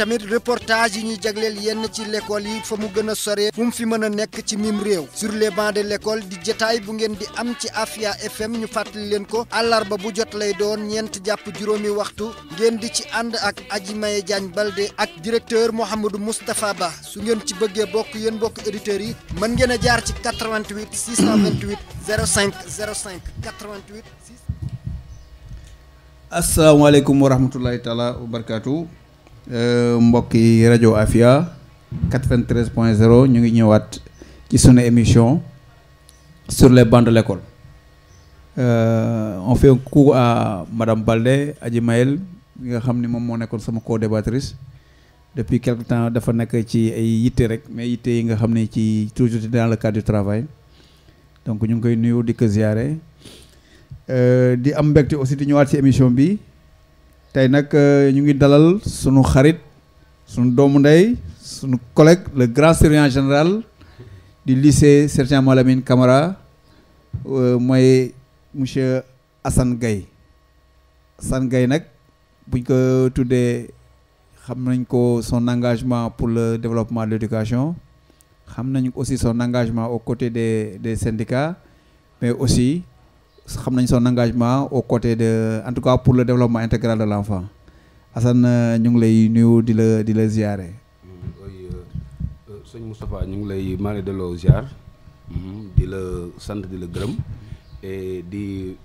tamit reportage yi ñuy jagleel yenn ci l'école yi fa mu gën a sore fu mu fi mën a nekk ci mim réew sur les bancs de l'école di jataay bu ngeen di am ci Afia FM ñu fàttali leen ko àllarba bu jot lay doon ñeent jàpp juróomi waxtu ngeen di ci ànd ak Aji Maye Diagne Balde ak directeur Mouhamadou Moustapha Ba su ngeen ci bëggee bokk yéen bokk auditeurs yi mën ngeen a jaar ci 88 628 05 05 88 asalaamaaleykum wa rahmatulahi taala wa barakaatu Euh, mbokki rajo Afia 93 point 0 ñu ngi ñëwaat ci sunu émission sur les bancs de l'école euh, on fait un coup à madame Baldé mi nga xam ni moom moo nekkoon sama co-débattrice depuis quelque temps dafa nekk ci ay yitte rek mais yitte yi nga xam ne ci toujours dans le cadre du travail donc ñu ngi koy nuyu di ko ziare euh, di am mbégte aussi di ñëwaat ci émission bi tey nag euh, ñu ngi dalal sunu xarit sunu doomu ndey sunu collègue le grand surveillant général du lycée Sergent Malamine Camara euh, mooy monsieur Assane Gaye Assane Gaye nag buñ ko tuddee xam nañ ko son engagement pour le développement de l'éducation xam nañ aussi son engagement aux côté des des syndicats mais aussi xam nañ son engagement aux côtés de en tout cas pour le développement intégral de l'enfant Assane ñu ngi lay nuyu di la di la ziare. Mm, euh, euh, sëñ Moustapha ñu ngi lay maa de delloo ziar mm-hmm, di la sant di la gërëm di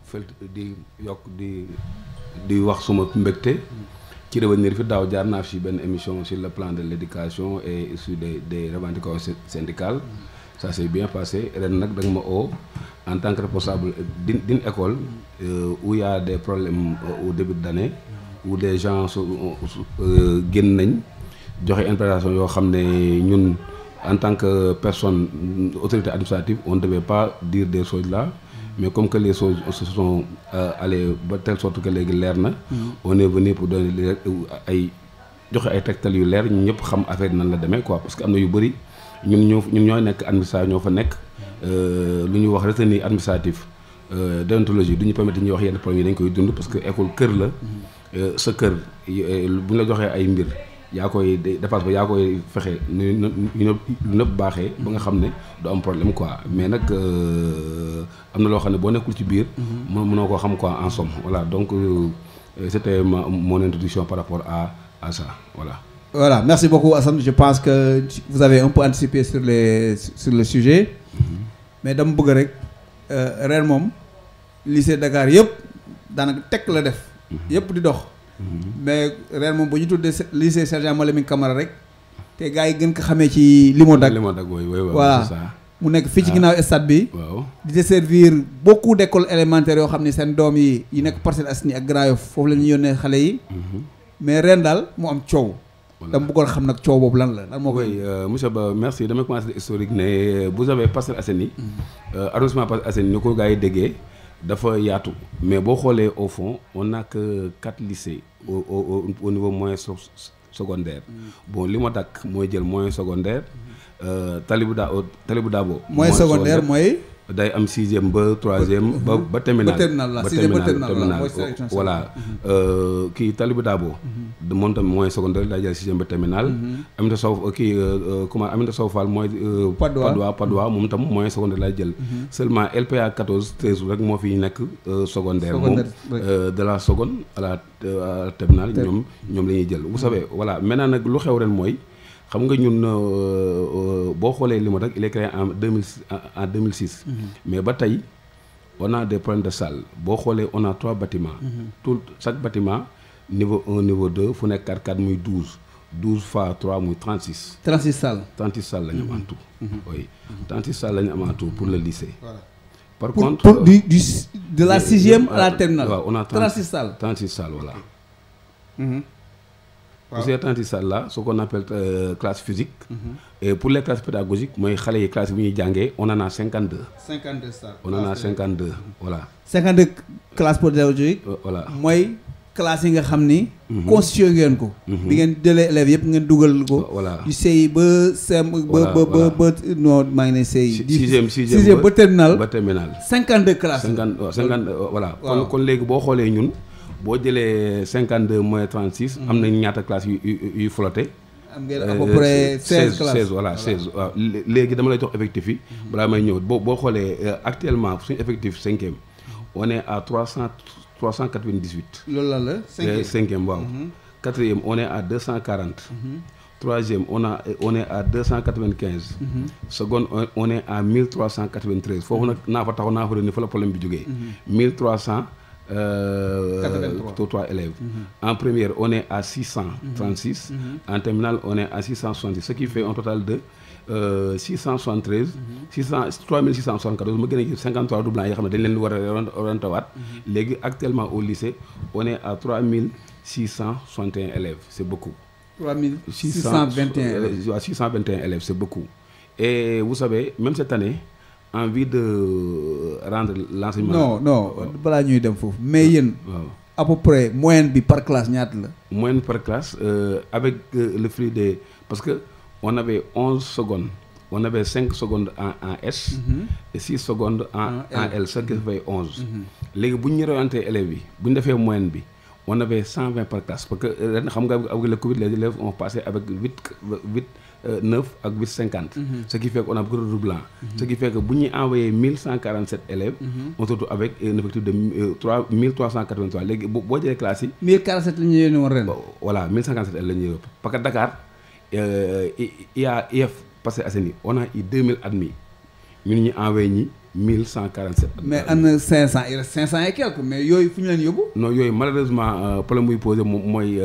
felt di yokk di di wax suma mbégte. ci revenir fi daaw jaar naa fi benn émission sur le plan de l'éducation et sur des des revendications syndicales ça s'est bien passé ren nag da nga ma oo en tant que responsable din école euh, où il y a des problèmes euh, au début d'année où des gens euh, génn nañ joxe interprétation yoo xam ne ñun en tant que personne autorité administrative on ne devait pas dire des choses mais comme que les choses se sont allées ba telle sorte que léegi leer na mm-hmm. on est venu pour donner ay joxe ay tegtal yu leer ñu ñëpp xam affaire nan la demee quoi parce que am na yu bëri ñun ñoo ñun ñooy nekk administration ñoo fa nekk Euh, lu ñu wax retenue administrative euh, déontologie du ñu permettre ñuy wax yenn problème yi dañ koy dund parce que école kër la euh, sa kër bu ñu la joxee ay mbir yaa koy dépense ba yaa koy fexe nu ñu nëpp baaxee ba nga xam ne du am problème quoi mais nag am na loo xam ne boo nekkul ci biir mm-hmm. mën mënoo koo xam quoi en somme voilà donc c'était mon introduction par rapport à à ça voilà voilà merci beaucoup Assane je pense que vous avez un peu anticipé sur les sur le sujet mm -hmm. mais dama bëgg rek euh, ren moom lycée Dakar yëpp daanaka tekk la def. Mhm. yëpp di dox. Mhm. mais ren moom bu ñu tuddee lycée sergent Malamine Camara rek te gars yi gën ko xamee ci Limodag. Limodag wooy wooy voilà mu nekk fii ci ah. ginnaaw stade bi. waaw di desservir beaucoup d' écoles élémentaires yoo xam ne seen doom yi yi nekk Parcelles Assainies ak Grand Yoff foofu la ñuy yónnee xale yi. Mhm. mais ren daal mu am coow. dama bëggoon xam nag coow lan la lan moo koy. Euh, monsieur Ba merci damay commencer historique ne euh, vous avez Parcelles Assainies mm-hmm. euh, arrondissement Parcelles Assainies ni ko gaa yi déggee dafa yaatu mais boo xoolee au fond on nag que quatre lycées au au au niveau moyen secondaire mm-hmm. bon li ma dakk mooy jël moyen secondaire mm-hmm. Talibou Da Talibou Dabo. moyen secondaire mooy. day am sixième ba troisième ba ba terminal ba terminal voilà euh, kii Talibou Dabo mhm. moom tamit mooy secondaire day jël sixième ba terminal mhm. Aminata Sow euh, kii euh, comment Aminata Sow Fall mooy Padois Padois mhm. moom tam mooy secondaire lay jël seulement LPA 14 13 rek moo fi nekk secondaire moom de la seconde à la terminale ñoom ñoom la ñuy jël vous savez voilà maintenant nag lu xew ren mooy xam nga ñun euh, euh, boo xoolee li ma rek il est en deux mille en deux mille six. Mm-hmm. mais ba tey on a des problèmes de salle boo xoolee on a trois bâtiments. Mm-hmm. tout chaque bâtiment niveau un niveau deux fu nekk quatre quatre muy douze. douze fois trois muy trente six. trente six salles. trente six salles la ñu mm-hmm. am en tout. six salles la ñu am pour le lycée. Voilà. par pour, contre euh, la sixième à la terminale. waaw on a trente six salles. trente pour certains stades là ce qu'on appelle euh, classe physique. Mm-hmm. pour les classes pédagogiques mooy xale yi classe bi ñuy jàngee on en a cinquante deux. cinquante deux stades on en a cinquante deux voilà. cinquante deux classes pédagogiques. Euh, voilà mooy. classe yi nga xam ni. Mm-hmm. constitué ngeen ko. bi mm-hmm. ngeen jëlee élèves yëpp ngeen dugal ko. Euh, voilà yu sey ba sem ba ba ba non maa ngi ne sey. sixième sixième ba terminal ba terminal. cinquante deux classes. cinquante waaw euh, cinquante voilà. kon kon léegi boo xoolee ñun. boo jëlee cinquante deux moins trente six. Hmm. am na ñaata classe yu yu yu flotté. am ngeen euh, à peu près seize seize voilà seize waaw léegi dama lay jox effectif yi. Hmm. balaa may ñëw boo boo xoolee euh, actuellement suñu effectif cinquième hmm. on à trois cent trois cent quatre vingt dix huit. loolu lan la cinquième euh, cinquième waaw. quatrième on à deux cent quarante. troisième on a on est à deux cent quatre vingt quinze. seconde on à mille trois cent quatre vingt treize foofu nag naa fa taxaw naa fa ni fa la problème bi jógee. mille trois cent. Euh, 83 élèves. Mm -hmm. En première, on est à 636. Mm -hmm. En terminale, on est à 670, ce qui fait un total de euh, 673. 600 3674 ma gën a 53 doublants yi nga xam ne dañ leen war a orientawaat. Mm-hmm. léegi actuellement au lycée on est à 3661 élèves c' est beaucoup. 3621 euh, élèves waaw 621 élèves c' est beaucoup. et vous savez même cette année. en vue de euh, rendre l'enseignement non non balaa ñuy dem foofu mais yéen à peu près moyenne bi par classe ñaata la moyenne par classe euh, avec euh, le fruit des parce que on avait onze secondes on avait cinq secondes en en S mm -hmm. en en L, en L mhm. léegi bu ñu réorienté élèves yi bu ñu defee moyenne bi on avait cent vingt par classe parce que ren xam nga avec le Covid les élèves ont passé avec huit huit neuf ak huit cinquante. Mhm. ce qui fait qu'on a beaucoup de redoublant. Mhm. ce qui fait que bu ñuy envoyé mille cent quarante sept élèves. Mhm. on se retrouve euh, trois mille trois cent quatre vingt trois léegi boo jëlee classes yi. mille quarante sept la ñu yéene woon ren. voilà mille cent quarante sept élèves la Dakar euh, IA IF passé Asseni on a eu mille admis ñu envoyé ñi. 1147. mais am na 500 il reste mais yooyu fu ñu leen yóbbu. non yooyu malheureusement euh, problème buy posé moom mooy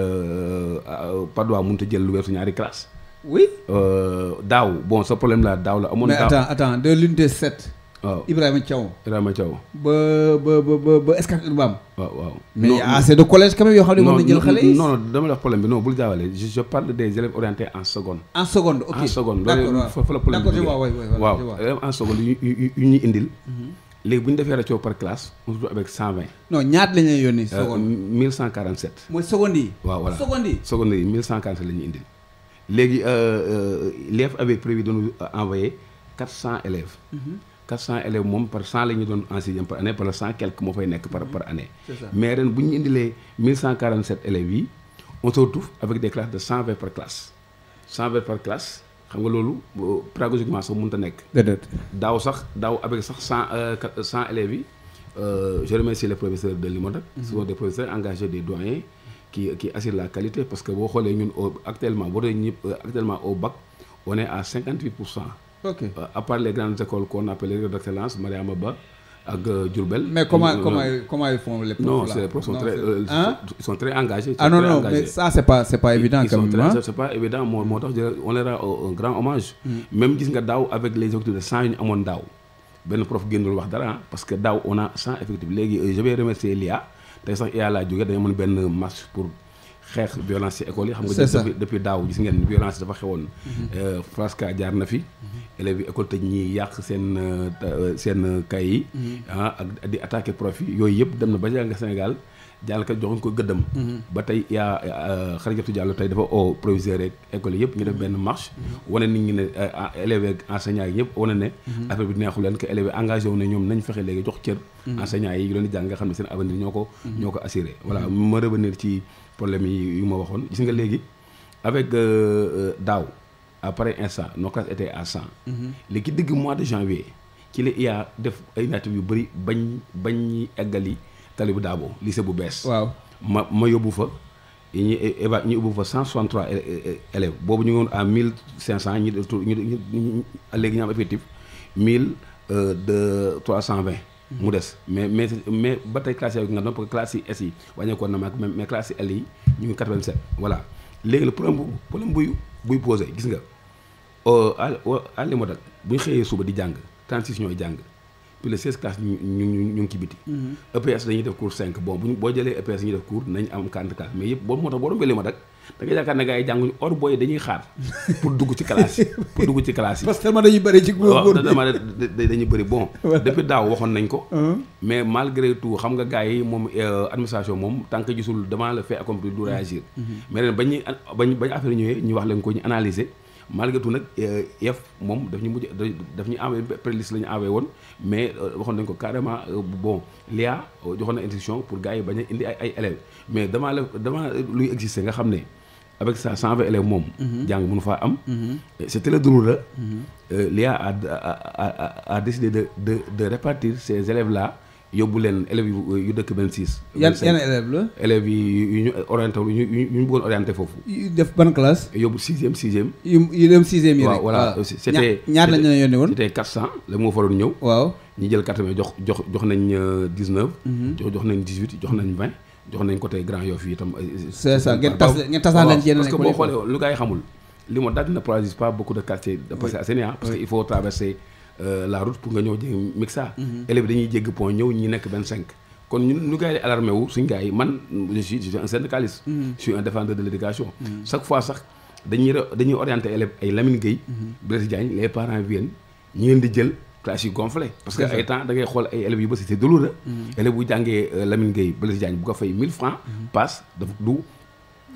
Padois mënut a jël lu ñaari classe oui. Euh, daaw bon ce problème là daaw la amoon. daaw mais attends attends de l'unité 7. waaw Ibrahima Thiaw. Ibrahima Thiaw. ba ba ba ba Escart Urbam. waaw waaw. mais y a assez de collège quand même yoo xam ne moom la jël xale yi. non non dama la wax problème bi non bul jaawale je je parle des élèves orientés en seconde. en seconde ok en seconde. d' accord waaw fa la problème bi waaw waaw élèves en seconde yu yu yu ñuy indil. Mhm. léegi bu ñu defee rajo par classe on se trouve avec 120. non ñaata la ñuy yónnee euh, seconde. 1147. mooy seconde yi. waaw voilà seconde yi. seconde yi 1147 la ñuy indil. léegi euh, euh, l'EF avait prévu de nous envoyer quatre cent élèves. Mhm. quatre cent élèves moom par cent la doon enseigné par année par le cent quelque moo fay nekk par mhm. par année. mais ren bu ñu indilee mille cent quarante sept élèves yi on se retrouve avec des classes de cent vingt par classe cent vingt par classe. xam nga loolu euh, pédagogiquement sax mun ta nekk. déedéet daaw sax daaw avec sax cent cent élèves yi je remercie les professeurs de Limonac. Mhm. ce sont des professeurs qui, qui assure la qualité parce que boo xoolee ñun actuellement boo dee ñëpp euh, actuellement au bac on est à 58 pour cent. ok euh, à part les grandes écoles qu'on appelle les écoles d'excellence Mariama Ba ak euh, Diourbel. mais c'est pas c'est pas évident. moo moo tax on leur rend un grand hommage. Mm. même gis nga daaw avec les effectifs de cent yu amoon daaw benn prof génnul wax dara parce que daaw on a cent effectifs léegi je remercier l'IA tey sax IA laa jógee dañoo benn marche pour xeex violence ci école yi xam nga depuis daaw gis ngeen violence dafa xewoon mhm. euh, Frasca jaar na fi mhm. élèves yi école tëj ñi yàq seen euh, euh, seen kay yi mhm. ah ak di attaquer prof yooyu yëpp dem na ba jàng Sénégal jàll ka joxuñ ko gëddam mm-hmm. ba tey yaa Xarijatu euh, Diallo tey dafa o proviseur rek école yëpp ñu def benn marche mm-hmm. wane nit ñi ne euh, ah, élèves ak yi ñëpp wane ne mm-hmm. affaire bi neexu leen que engagé wu ne ñoom nañ fexe léegi jox cër enseignants yi yu leen di jàng xam ne seen avenir ñoo ko ñoo ko assuré voilà ma revenir ci problème yi yu ma waxoon nga léegi avec euh, daaw après instant nos classes étaient à cent léegi digg mois de janvier ci la IA def ay natif yu bëri bañ bañ eggali Talibou Dabo lycée bu bees. waaw ma ma yóbbu fa. ñu éva eh, ñu ubbi fa 163 eh, eh, boobu ñu ngi woon à mille ñu ñu ñu léegi ñu am effectif 1000 de 320. mu des mais mais mais ba tey classes yi nga xam parce que classes S yi wàññeekoon na ma mais classes yi L yi ñu ngi 87. voilà léegi la problème bu problème buy buy posé gis nga euh, à à li bu ñu xëyee suba di jàng 36 ñooy jàng. plus de seize classes ñu ñu ñu ngi ci biti mm-hmm. EPS dañuy def cours cinq bon buñ boo jëlee EPS dañuy def cours nañ am quarante classes mais yëpp boobu moo tax boo doon bëlee ma dak da nga yaakaar ne gars yi jànguñu or booy dañuy xaar pour dugg ci classe yi pour dugg ci classe yi parce que tellement dañuy bëri ci góor dañuy bëri bon depuis daaw waxoon nañ ko mm-hmm. mais malgré tout xam nga gars yi moom euh, administration moom tant que gisul devant le fait du réagir mm-hmm. mais ren bañuy bañ bañ affaire ñu wax leen ko ñu analyser malgré tout nag IEF euh, moom daf ñu mujj daf ñu envoyé préliste la ñu envoyé woon mais euh, waxoon nañ ko carrément euh, bon l'IA joxoon na pour gars yi bañ a indi ay ay élèves mais damaa la damaa luy exister nga xam ne avec ça cent vingt élèves moom. Mhm. jàng munu faa am. c'est mhm. très drôle la. Mhm. l'IA a a a a décidé de de de répartir ces élèves la yóbbu leen élèves yu yu dëkk 26. yan yan élèves la élèves yi yu ñu orienté wu ñu ñu bëggoon orienté foofu. def ban classe. yóbbu sixième sixième. yu yu dem sixième yi rek. waaw voilà c'était ñaar lañ woon. c'était 400 la moo fa doon ñëw. waaw jël carte jox jox jox nañ 19. Euh, mhm. jox jox nañ jox nañ 20 jox nañ côté Grand Yoff yi itam. Euh, euh, c'est ça ngeen tas ngeen tasaan leen ci yeneen parce boo xoolee lu gars xamul li daal dina ne pas beaucoup de de passé parce que il faut traverser. Euh, la route pour nga ñëw jéggi Mixa. Mhm. élèves dañuy jégg point ñëw ñu nekk vingt cinq. kon ñun ñu gars yi alarmé wu suñu gars man je suis je suis un syndicaliste. Mhm. je suis de l' mhm. chaque fois sax dañuy dañuy orienté élèves ay Lamine Gueye. Blaise Diagne les parents viennent ñu leen di jël. classe yi gonflé parce que ay temps da ngay xool ay élèves yu bëri c'est douloureux. élèves bu jàngee euh, Lamine Gueye Blaise Diagne bu ko fay 1000 francs passe du.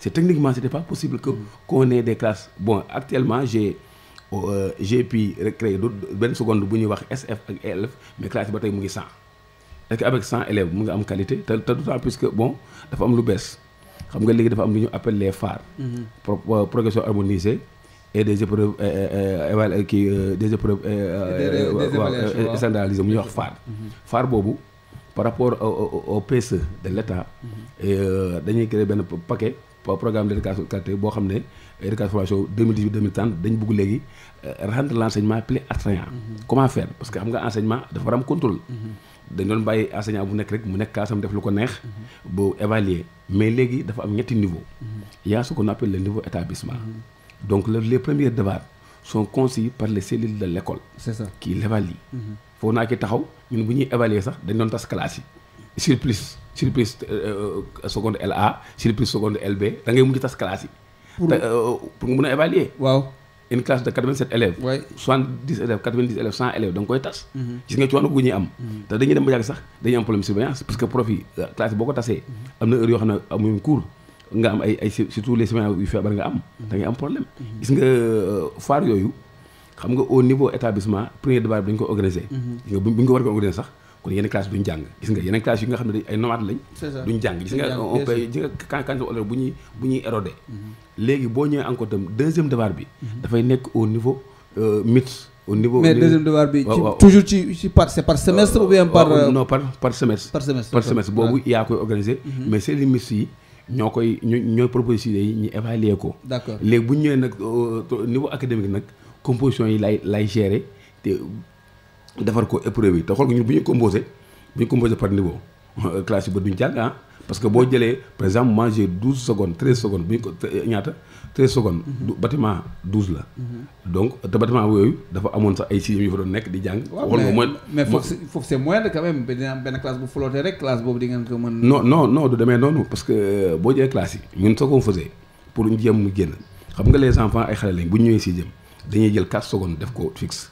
c'est techniquement c'était pas possible que qu'on ait des bon actuellement j'ai euh, j'ai pu recréer d'autres benn seconde bu ñuy wax SF ak ELF mais classe ba tey mu ngi 100 est avec 100 élèves mu ngi am qualité te te d'autant plus que bon dafa am lu bees xam nga léegi dafa am lu ñu appelle les phares. Mm-hmm. pro euh, progression harmonisée et des épreuves euh, euh, éval kii des épreuves. des standardisées mu ñuy wax phare. Mm-hmm. phare boobu par rapport au PSE de l'État. Mm-hmm. dañuy créer benn paquet. waaw programme d' éducation qualité boo xam ne éducation formation 2018 2030 dañ bëgg léegi euh, rendre l' plus attrayant. Mm-hmm. comment faire parce que xam nga enseignement dafa war am contrôle. Mm-hmm. dañ doon bàyyi enseignant bu nekk rek mu nekk kaasam def lu ko neex. Mm-hmm. boo évaluer mais léegi dafa am ñetti niveau. yaa su ko qu'on appelle le niveau établissement. donc les premiers débats sont conçus par les cellules de l' école. c' est ça qui l' évalue. foofu naa ki taxaw ñun bu ñuy évaluer sax dañ doon tas yi. surplus surplus euh, euh, seconde LA surplus seconde LB da ngay mujj tas classe yi. pour euh, pour nga mun a évaluer. waaw une classe de 87 élèves. waay 70 élèves 90 élèves 100 élèves da koy tas. Mhm. gis nga coono gu ñuy am. Mhm. te dañuy dem ba yàgg sax dañuy am problème surveillance parce que prof yi boo ko tasee. Mhm. am na heure yoo xam ne amuñu cours. nga am ay ay surtout les semaines yu feebar nga am da am problème gis nga foire yooyu xam nga au niveau établissement premier débat bi ko organisé. nga kon yenn classe duñ jàng gis nga yenn classe yi nga xam ne ay nomades lañ duñ jàng gis nga on peut bu ñuy bu ñuy mm-hmm. léegi boo ñëwee encore tam deuxième devoir bi mm-hmm. dafay nekk au niveau euh, mythe au niveau mais deuxième par c'est par semestre euh, ou bien par boobu yaa koy organiser mm-hmm. mais c'est les yi ñoo koy ñu ñooy propositions ñu évaluer ko d'accord léegi bu ñu ñëwee nag euh, niveau académique nag composition yi lay lay gérer defar ko épreuve yi te xool ko ñun bu ñuy composé bu ñuy composé par niveau classe yi ba duñ jàng ah. parce que boo jëlee par exemple moi j'ai douze secondes treize secondes bu ñu ko ñaata treize secondes mhm. bâtiment douze la mhm. donc te bâtiment yooyu dafa amoon sax ay sixième yu fa doon nekk di jàng xool nga mooy mais foofu foofu c'est moyen quand même dina am boobu di ngeen ko mën non non non du demee noonu parce que euh, boo jëlee classe yi ñun soo ko pour ñu mu génn xam nga les enfants ay xale lañ bu ñu ñëwee dañuy jël quatre secondes def ko fixe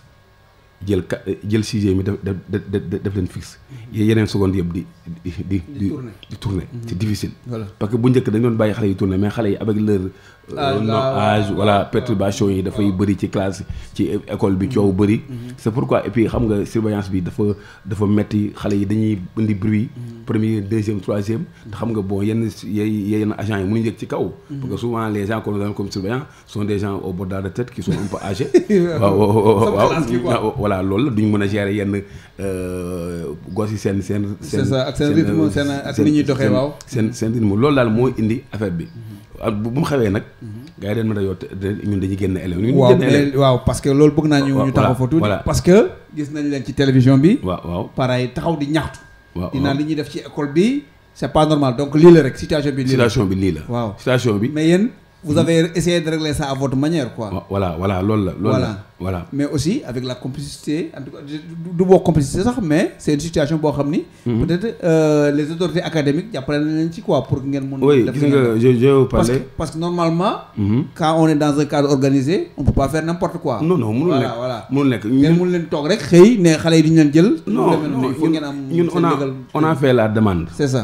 jël ka jël sixième yi def def def leen fixe mhm. yeneen seconde yëpp di di di di tourner mhm. c'est difficile parce que bu njëkk dañ doon bàyyi xale yi tourner mais xale yi avec leur Euh, euh, âge voilà perturbation yi dafay bëri ci classe ci école bi coow bëri mhm. c'est pourquoi et puis xam nga surveillance bi dafa dafa metti xale yi dañuy indi bruit mhm. premier deuxième troisième te xam nga boo yenn yenn agents yi mënuñu yëg ci kaw mhm. parce que souvent les gens comme surveillant sont des gens au bord de la tête qui sont un peu âgés waaw waaw lool loolu la duñ mën a gérer yenn euh, gos yi seen seen seen c'est ça seen rythme seen ñuy doxee waaw seen seen loolu daal moo indi affaire bi bu mu xewee nag. Mhm. gars yi dañ mën a yoot génn élèves. ñun ñu waaw parce que loolu bëgg naa ñu ñu taxaw fa tuuti. que gis nañ leen ci télévision bi. waaw waaw pareil taxaw di ñaxtu. waaw dinaa li ñuy def ci école bi c'est pas normal donc lii la rek situation bi. lii la bi lii la. waaw situation bi mais yéen. vous hmm. avez essayé de régler ça à votre manière quoi. voilà voilà loolu la. loolu la voilà mais aussi avec la complicité en tout cas du boo complicité sax mais c' situation boo xam ni. Hmm. peut-être euh, les autorités académiques jàppale nañ leen ci quoi pour ngeen mun. oui gis nga parce que normalement. Hmm. quand on est dans un cadre organisé on peut pas faire n'importe quoi. non non mënul nekk voilà mun leen toog rek la demande. c' est ça.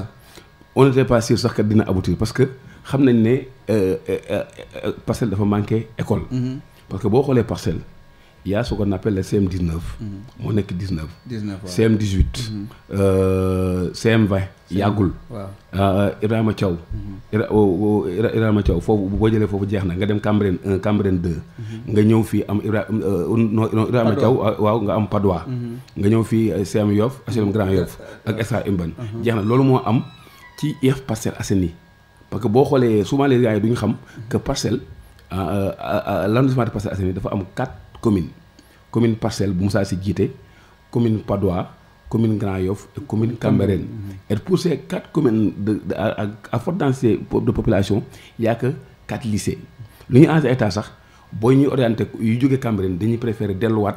on n' sax que dina aboutir parce que. xam nañ ne euh, euh, euh, parcelle dafa manqué école. Mm-hmm. parce que boo xoolee parcelle y' a ce qu'on appelle le CM 19. Mm-hmm. moo nekk 19. 19 waaw CM 18. CM 20 yàggul. waaw ah, ah, Ibrahima Thiaw. Mm-hmm. Oh, oh, Ibrahima Thiaw foofu bu boo jëlee foofu jeex na nga dem Cambérène 1 nga ñëw fi am Ibrahima non Ibrahima ah, waaw nga am Padois. nga ñëw fii CM Yoff HLM Grand Yoff ak SA Imban. Uh-huh. jeex na loolu moo am ci IEF Parcelles Assainies parce que boo xoolee souvent les gars xam que parcelle euh, euh, euh, l'arrondissement de Parcelles dafa am quatre communes commune parcelle bu Moussa si jiite commune Padois commune Grand Yoff commune Cambérène mm-hmm. et pour ces quatre communes de ak à forte densité de population y a que quatre lycées lu ñu en état sax boo ñuy orienté yu jóge Cambérène dañuy préféré delluwaat.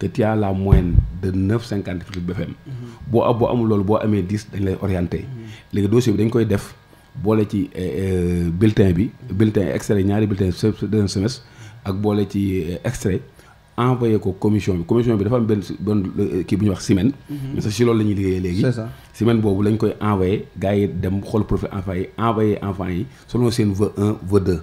te tu as la moyenne de neuf cinquante fii BFM. Mhm. boo boo amul loolu boo amee dix dañ lay orienté. Mhm. léegi dossier bi dañ koy def boole ci eh, eh, bulletin bi. Mhm. bulletin extrait ñaari bulletin deuxième semestre ak boole ci eh, extrait envoyé ko commission bi commission bi dafa am benn benn kii bu ñuy wax semaine. mais si loolu la ñuy liggéeyee léegi. c'est ça semaine boobu lañ koy envoyé gars yi dem xool profil enfant yi envoyé enfant yi selon seen vœu un vœu deux.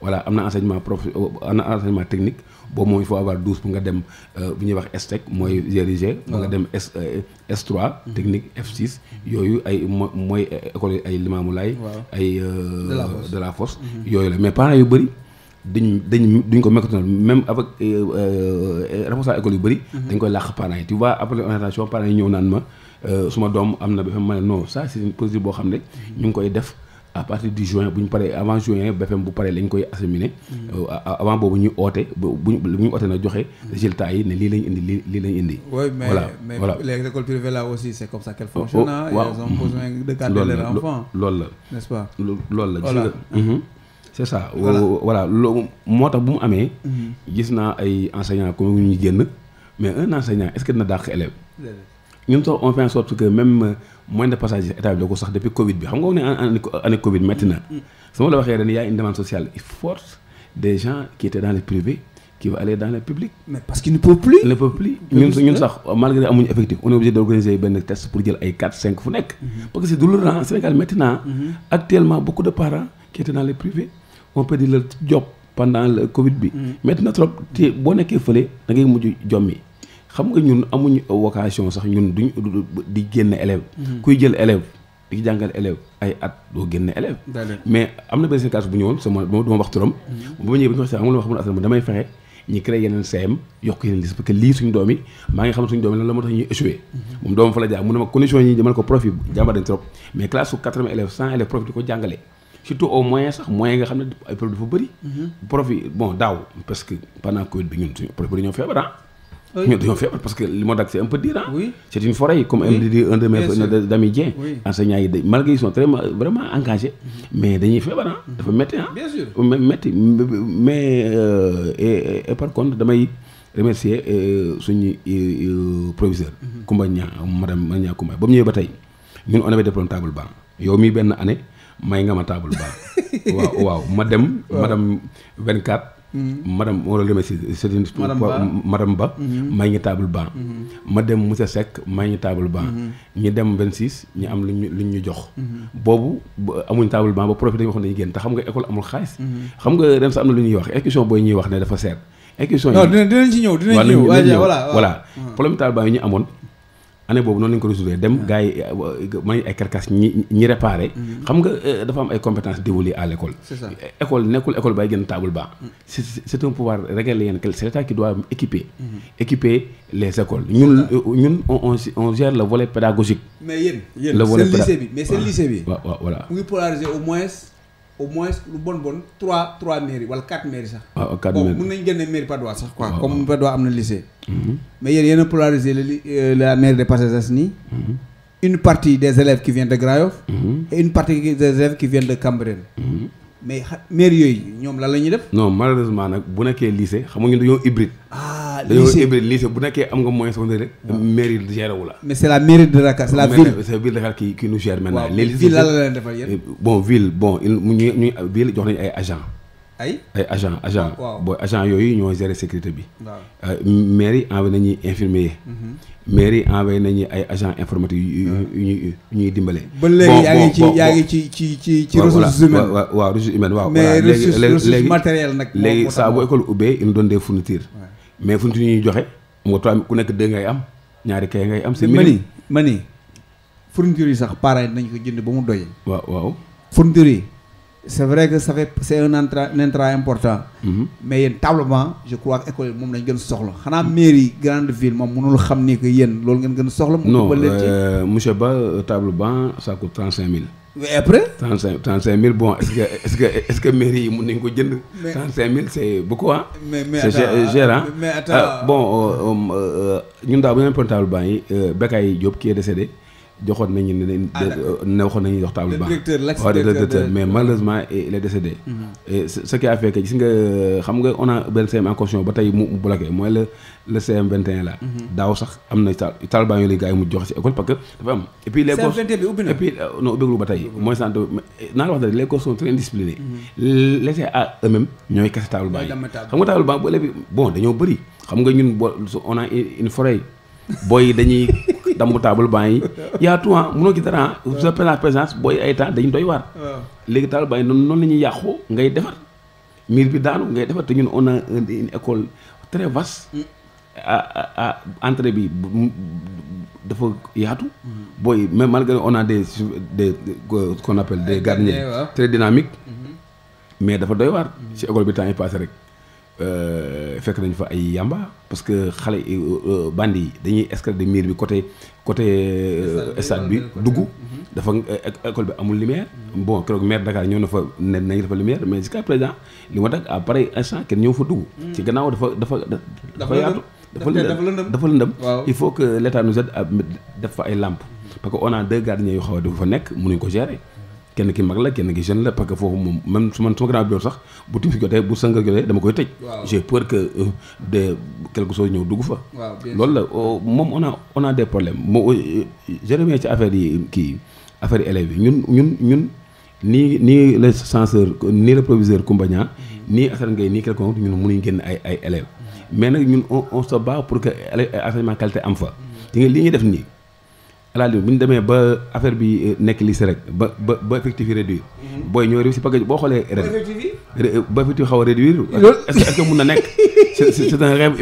voilà am na enseignement prof am na enseignement technique. boobu moom il faut avoir douze pour nga dem euh, bu ñuy wax S-Tech mooy GRG. waaw nga dem S euh, S3. Mhm. technique f yooyu ay mooy euh, école ay Limaamu Laay. ay de la Fosse mhm. yooyu la mais parents yu bëri. dañu dañ duñ ko méconnaître même avec responsable école yu bëri. Mhm. dañ koy làq parents yi tu vois après orientation parents yi ñëw naan ma suma doom am na ba fa ma ne non ça c'est boo xam ne ñu ngi koy def. à partir du juin bu ñu paree avant juin BFM bu paree lañ koy asséminer. Euh, avant boobu ñuy oote bu bu ñu na joxe. résultats yi ne lii lañ indi lii lii lañ indi. voilà mais mais les écoles privées oh, oh, mm-hmm. la n'est-ce pas. loolu la mm-hmm. c'est ça voilà loo moo tax bu mu amee. Mm-hmm. gis naa ay enseignants comme ñu génn mais un enseignant est-ce que dina dàq élève ñun sax on fait en que même. moins de passagers état bi da ko sax depuis Covid bi xam nga ne année Covid métti na. su ma la waxee ren y a une demande sociale il force des gens qui étaient dans le privé qui vont aller dans le public. mais parce qu'ils ne peuvent plus. ne ñun sax malgré amuñu effectif on est obligé d' organiser benn test pour jël ay 4 5 fu nekk. Mhm. parce que c'est douloureux Sénégal métti na mhm. actuellement beaucoup de parents qui étaient dans le privé on peut dire leur job pendant le Covid bi. métti mhm. da ngay mujj xam nga ñun amuñu vocation sax ñun duñ di génn élève mhm. kuy jël élève di jàngal élève ay at doo génn élève mais am na benn seen classe bu ñëwoon sama wax turam mhm. ba ma ñëwee ba ñu wax xam nga suñu doom maa ngi xam suñu doom yi lan la moo tax ñuy échoué mhm. moom doom fa la jaar mu ne ma condition yi dama ko profit trop mais classe su quatre-vingts élèves cent élèves profit di ko jàngale surtout au moyen sax moyen nga xam ne ay profit dafa bëri profit bon daaw parce que pendant covid bi ñun suñu profit ba dañoo feebar ah. ñun dañoo feebar parce que li moo dag c'est un peu dur ah oui une forêt comme aime dire un de mes d'amis Dieng enseignants yi da malgré ils sont mais dañuy feebar ah dafa métti ah bien sûr métti mais euh, par contre damay remercier euh, suñu euh, proviseur Koumba mhm. Niang madame Niang Koumba ba mu ñëwee ba tey ñun on avait déployé table banc yow mii benn année may nga ma table banc waaw waaw ma dem madame 24 Mm-hmm. madame moo la remercié c'est une madame Ba mm-hmm. may ñu table ban mm-hmm. ma dem monsieur Seck may ñu table ban ñu dem 26 ñu am lu ñu jox boobu amuñ table ban ba profité dañu waxoon dañuy génn te xam nga école amul xaalis xam nga ren sa am na lu ñuy wax écussion booy ñuy wax ne dafa seet écussion yi dinañ ci ñëw dinañ ci ñëw voilà problème table ban yi ñu amoon année boobu noonu lañ ko résoudre dem ah. gars yi euh, ay carcasses ñi ñi réparé. Mm-hmm. xam nga euh, dafa am ay compétences dévolues à l' école. nekkul école bay gën table ba. Mm. c' est c' est un pouvoir régalien c' est l' état qui doit équiper. Mm-hmm. équiper les écoles. ñun euh, ñun on on gère le volet pédagogique. mais yéen yéen seen lycée bi mais seen lycée bi. polariser au moins. au moins lu bon bon trois trois mairies wala quatre mairies sax. waaw ah, quatre mairies bon mun nañu génne mairie Patte d'Oie sax quoi. Ah, comme ah. Patte d'Oie am na lycée. Mhm. mais yéen yéen a polarisé euh, la mairie de Parcelles Assainies. Mhm. une partie des élèves qui viennent de Grand Yoff. Mhm. et une partie des élèves qui viennent de Cambérène. mais xa mairie yooyu ñoom lan la ñuy def. non malheureusement nag bu nekkee lycée xam nga ñun dañoo hybride. ah lycée dañoo bu nekkee am nga moyen secondaire rek. mairie géré wu la. mais c' est la mairie de Dakar c' est la ville c' est la ville de Dakar qui qui nous gère maintenant. les eh, bon ville bon ñu ñu ville jox nañu ay agents. ay ay agent agent booy agent yooyu ñoo gérer sécurité bi euh, mairie envoyé nañuy infirmier mm-hmm. mairie envoyé nañu ay agent informatique yu ah. dimbale ba léegi ci ci ci ci ci ressources humaines waaw ressources humaines waaw mais ressources nag léegi saa bu école ubbee ils nous donnent des fournitures mais fu ñu ñuy joxe moo tax ku nekk dëgg ngay am ñaari kay ngay am. c'est mani mani fourniture yi sax parents yi nañ ko jënd ba mu doy. waaw waaw. fourniture yi c'est vrai que ça fait c'est un intrant un intrant important. Mm-hmm. mais yéen tablement je crois que école moom lañ gën soxla xanaa mairie grande ville moom mënul xam ni que yéen loolu ngeen gën soxla. mu dugal leen ci non euh, monsieur Ba euh, table banc ça coûte trente cinq mille. mais après. trente cinq trente cinq mille bon est ce que est ce que est ce que mairie yi mun nañu ko jënd. mais trente euh, bon euh, euh, ñun daal bu ñu leen portable baa ngi Bécaye Diop qui est décédé. joxoon nañu ah, euh, ne waxoon nañu jox table banc waaw directeur mais malheureusement il décédé mm-hmm. ce qui a fait que gis nga xam nga on a benn CM en caution ba tey mu bloqué mooy le le CM 21 la daaw sax am na table banc yooyu la gars yi mu joxe ci école parce que am et puis les gosses et puis euh, ba tey mooy sant naa la wax dëgg les gosses sont très disciplinés mm-hmm. laissés à eux ñooy kese table banc yi xam nga table banc bu élève bon dañoo bëri xam nga ñun bo on a une forêt booy dañuy dambu table ban yi yaa tout munoo gis dara sa présence booy ay temps dañ doy waar léegi table ban yi noonu noonu la ñuy yàqoo ngay defar miir bi daanu ngay defar te ñun on a une école très vaste mm. à entrée bi dafa yaatu mm-hmm. booy même malgré on a des des qu'on appelle des gardiens très mm-hmm. mais dafa doy waar mm-hmm. si école bi temps yi rek Euh, fekk nañu fa ay yàmba parce que xale euh, euh, bandi yi dañuy de mur bi côté côté stade bi dugg mhm. dafa école bi amul lumière mhm. bon keroog maire Dakar ñëw na fa ne nañ dafa lumière mais jusqu'à présent li ma tax instant kenn ñëw fa dugg mhm. ci gannaaw dafa dafa dafa yaatu dafa lëndëm dafa lëndëm il faut que l' état nous aide def fa ay làmp parce que on a deux gardiens yoo xaw a dafa fa nekk mënuñ ko gérer kenn ki mag la kenn ki jeune la parce que foofu moom même su man su ma grand bi sax bu timis jotee bu sënga jotee dama koy tëj j'ai peur que euh, de quelque chose ñëw dugg fa loolu la oh, moom on a on a des problèmes moo euh, euh, je ci affaire yi kii affaire yi élèves yi ñun ñun ñun nii nii le censeur nii le proviseur Koumbagna nii Assane Gueye nii quelconque ñun mënuñ génn ay ay élèves mm-hmm. mais nag ñun on se bat pour que enseignement qualité am fa ci mm-hmm. nga li ñuy def nii Elaadio bu ñu demee ba affaire bi eh, nekk liste rek ba ba ba effectif yi réduire. Mhm. booy ñoo réussi parce que boo xoolee. ren ba effectif xaw a réduire. est-ce que mun na nekk c'est un rêve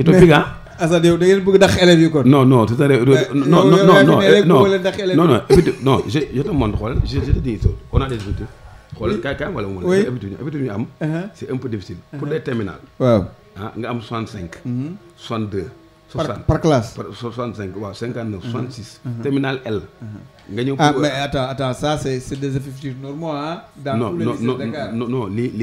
utopique ah. Assane yow da ngeen bëgg dàq élèves yi kon. un rêve non non non non eh, non non non non je je a des effectifs. ñu am. Uh-huh. c'est un peu difficile. pour les uh-huh. terminales. waaw ah, nga am soixante cinq. Mm-hmm. soixante deux. par par classe. par 65 waaw 59. 66. Mhm. Mhm. terminal L. Mhm. nga ñëw ah mais attends attends ça c'est c'est des effectifs normaux ah. dans non non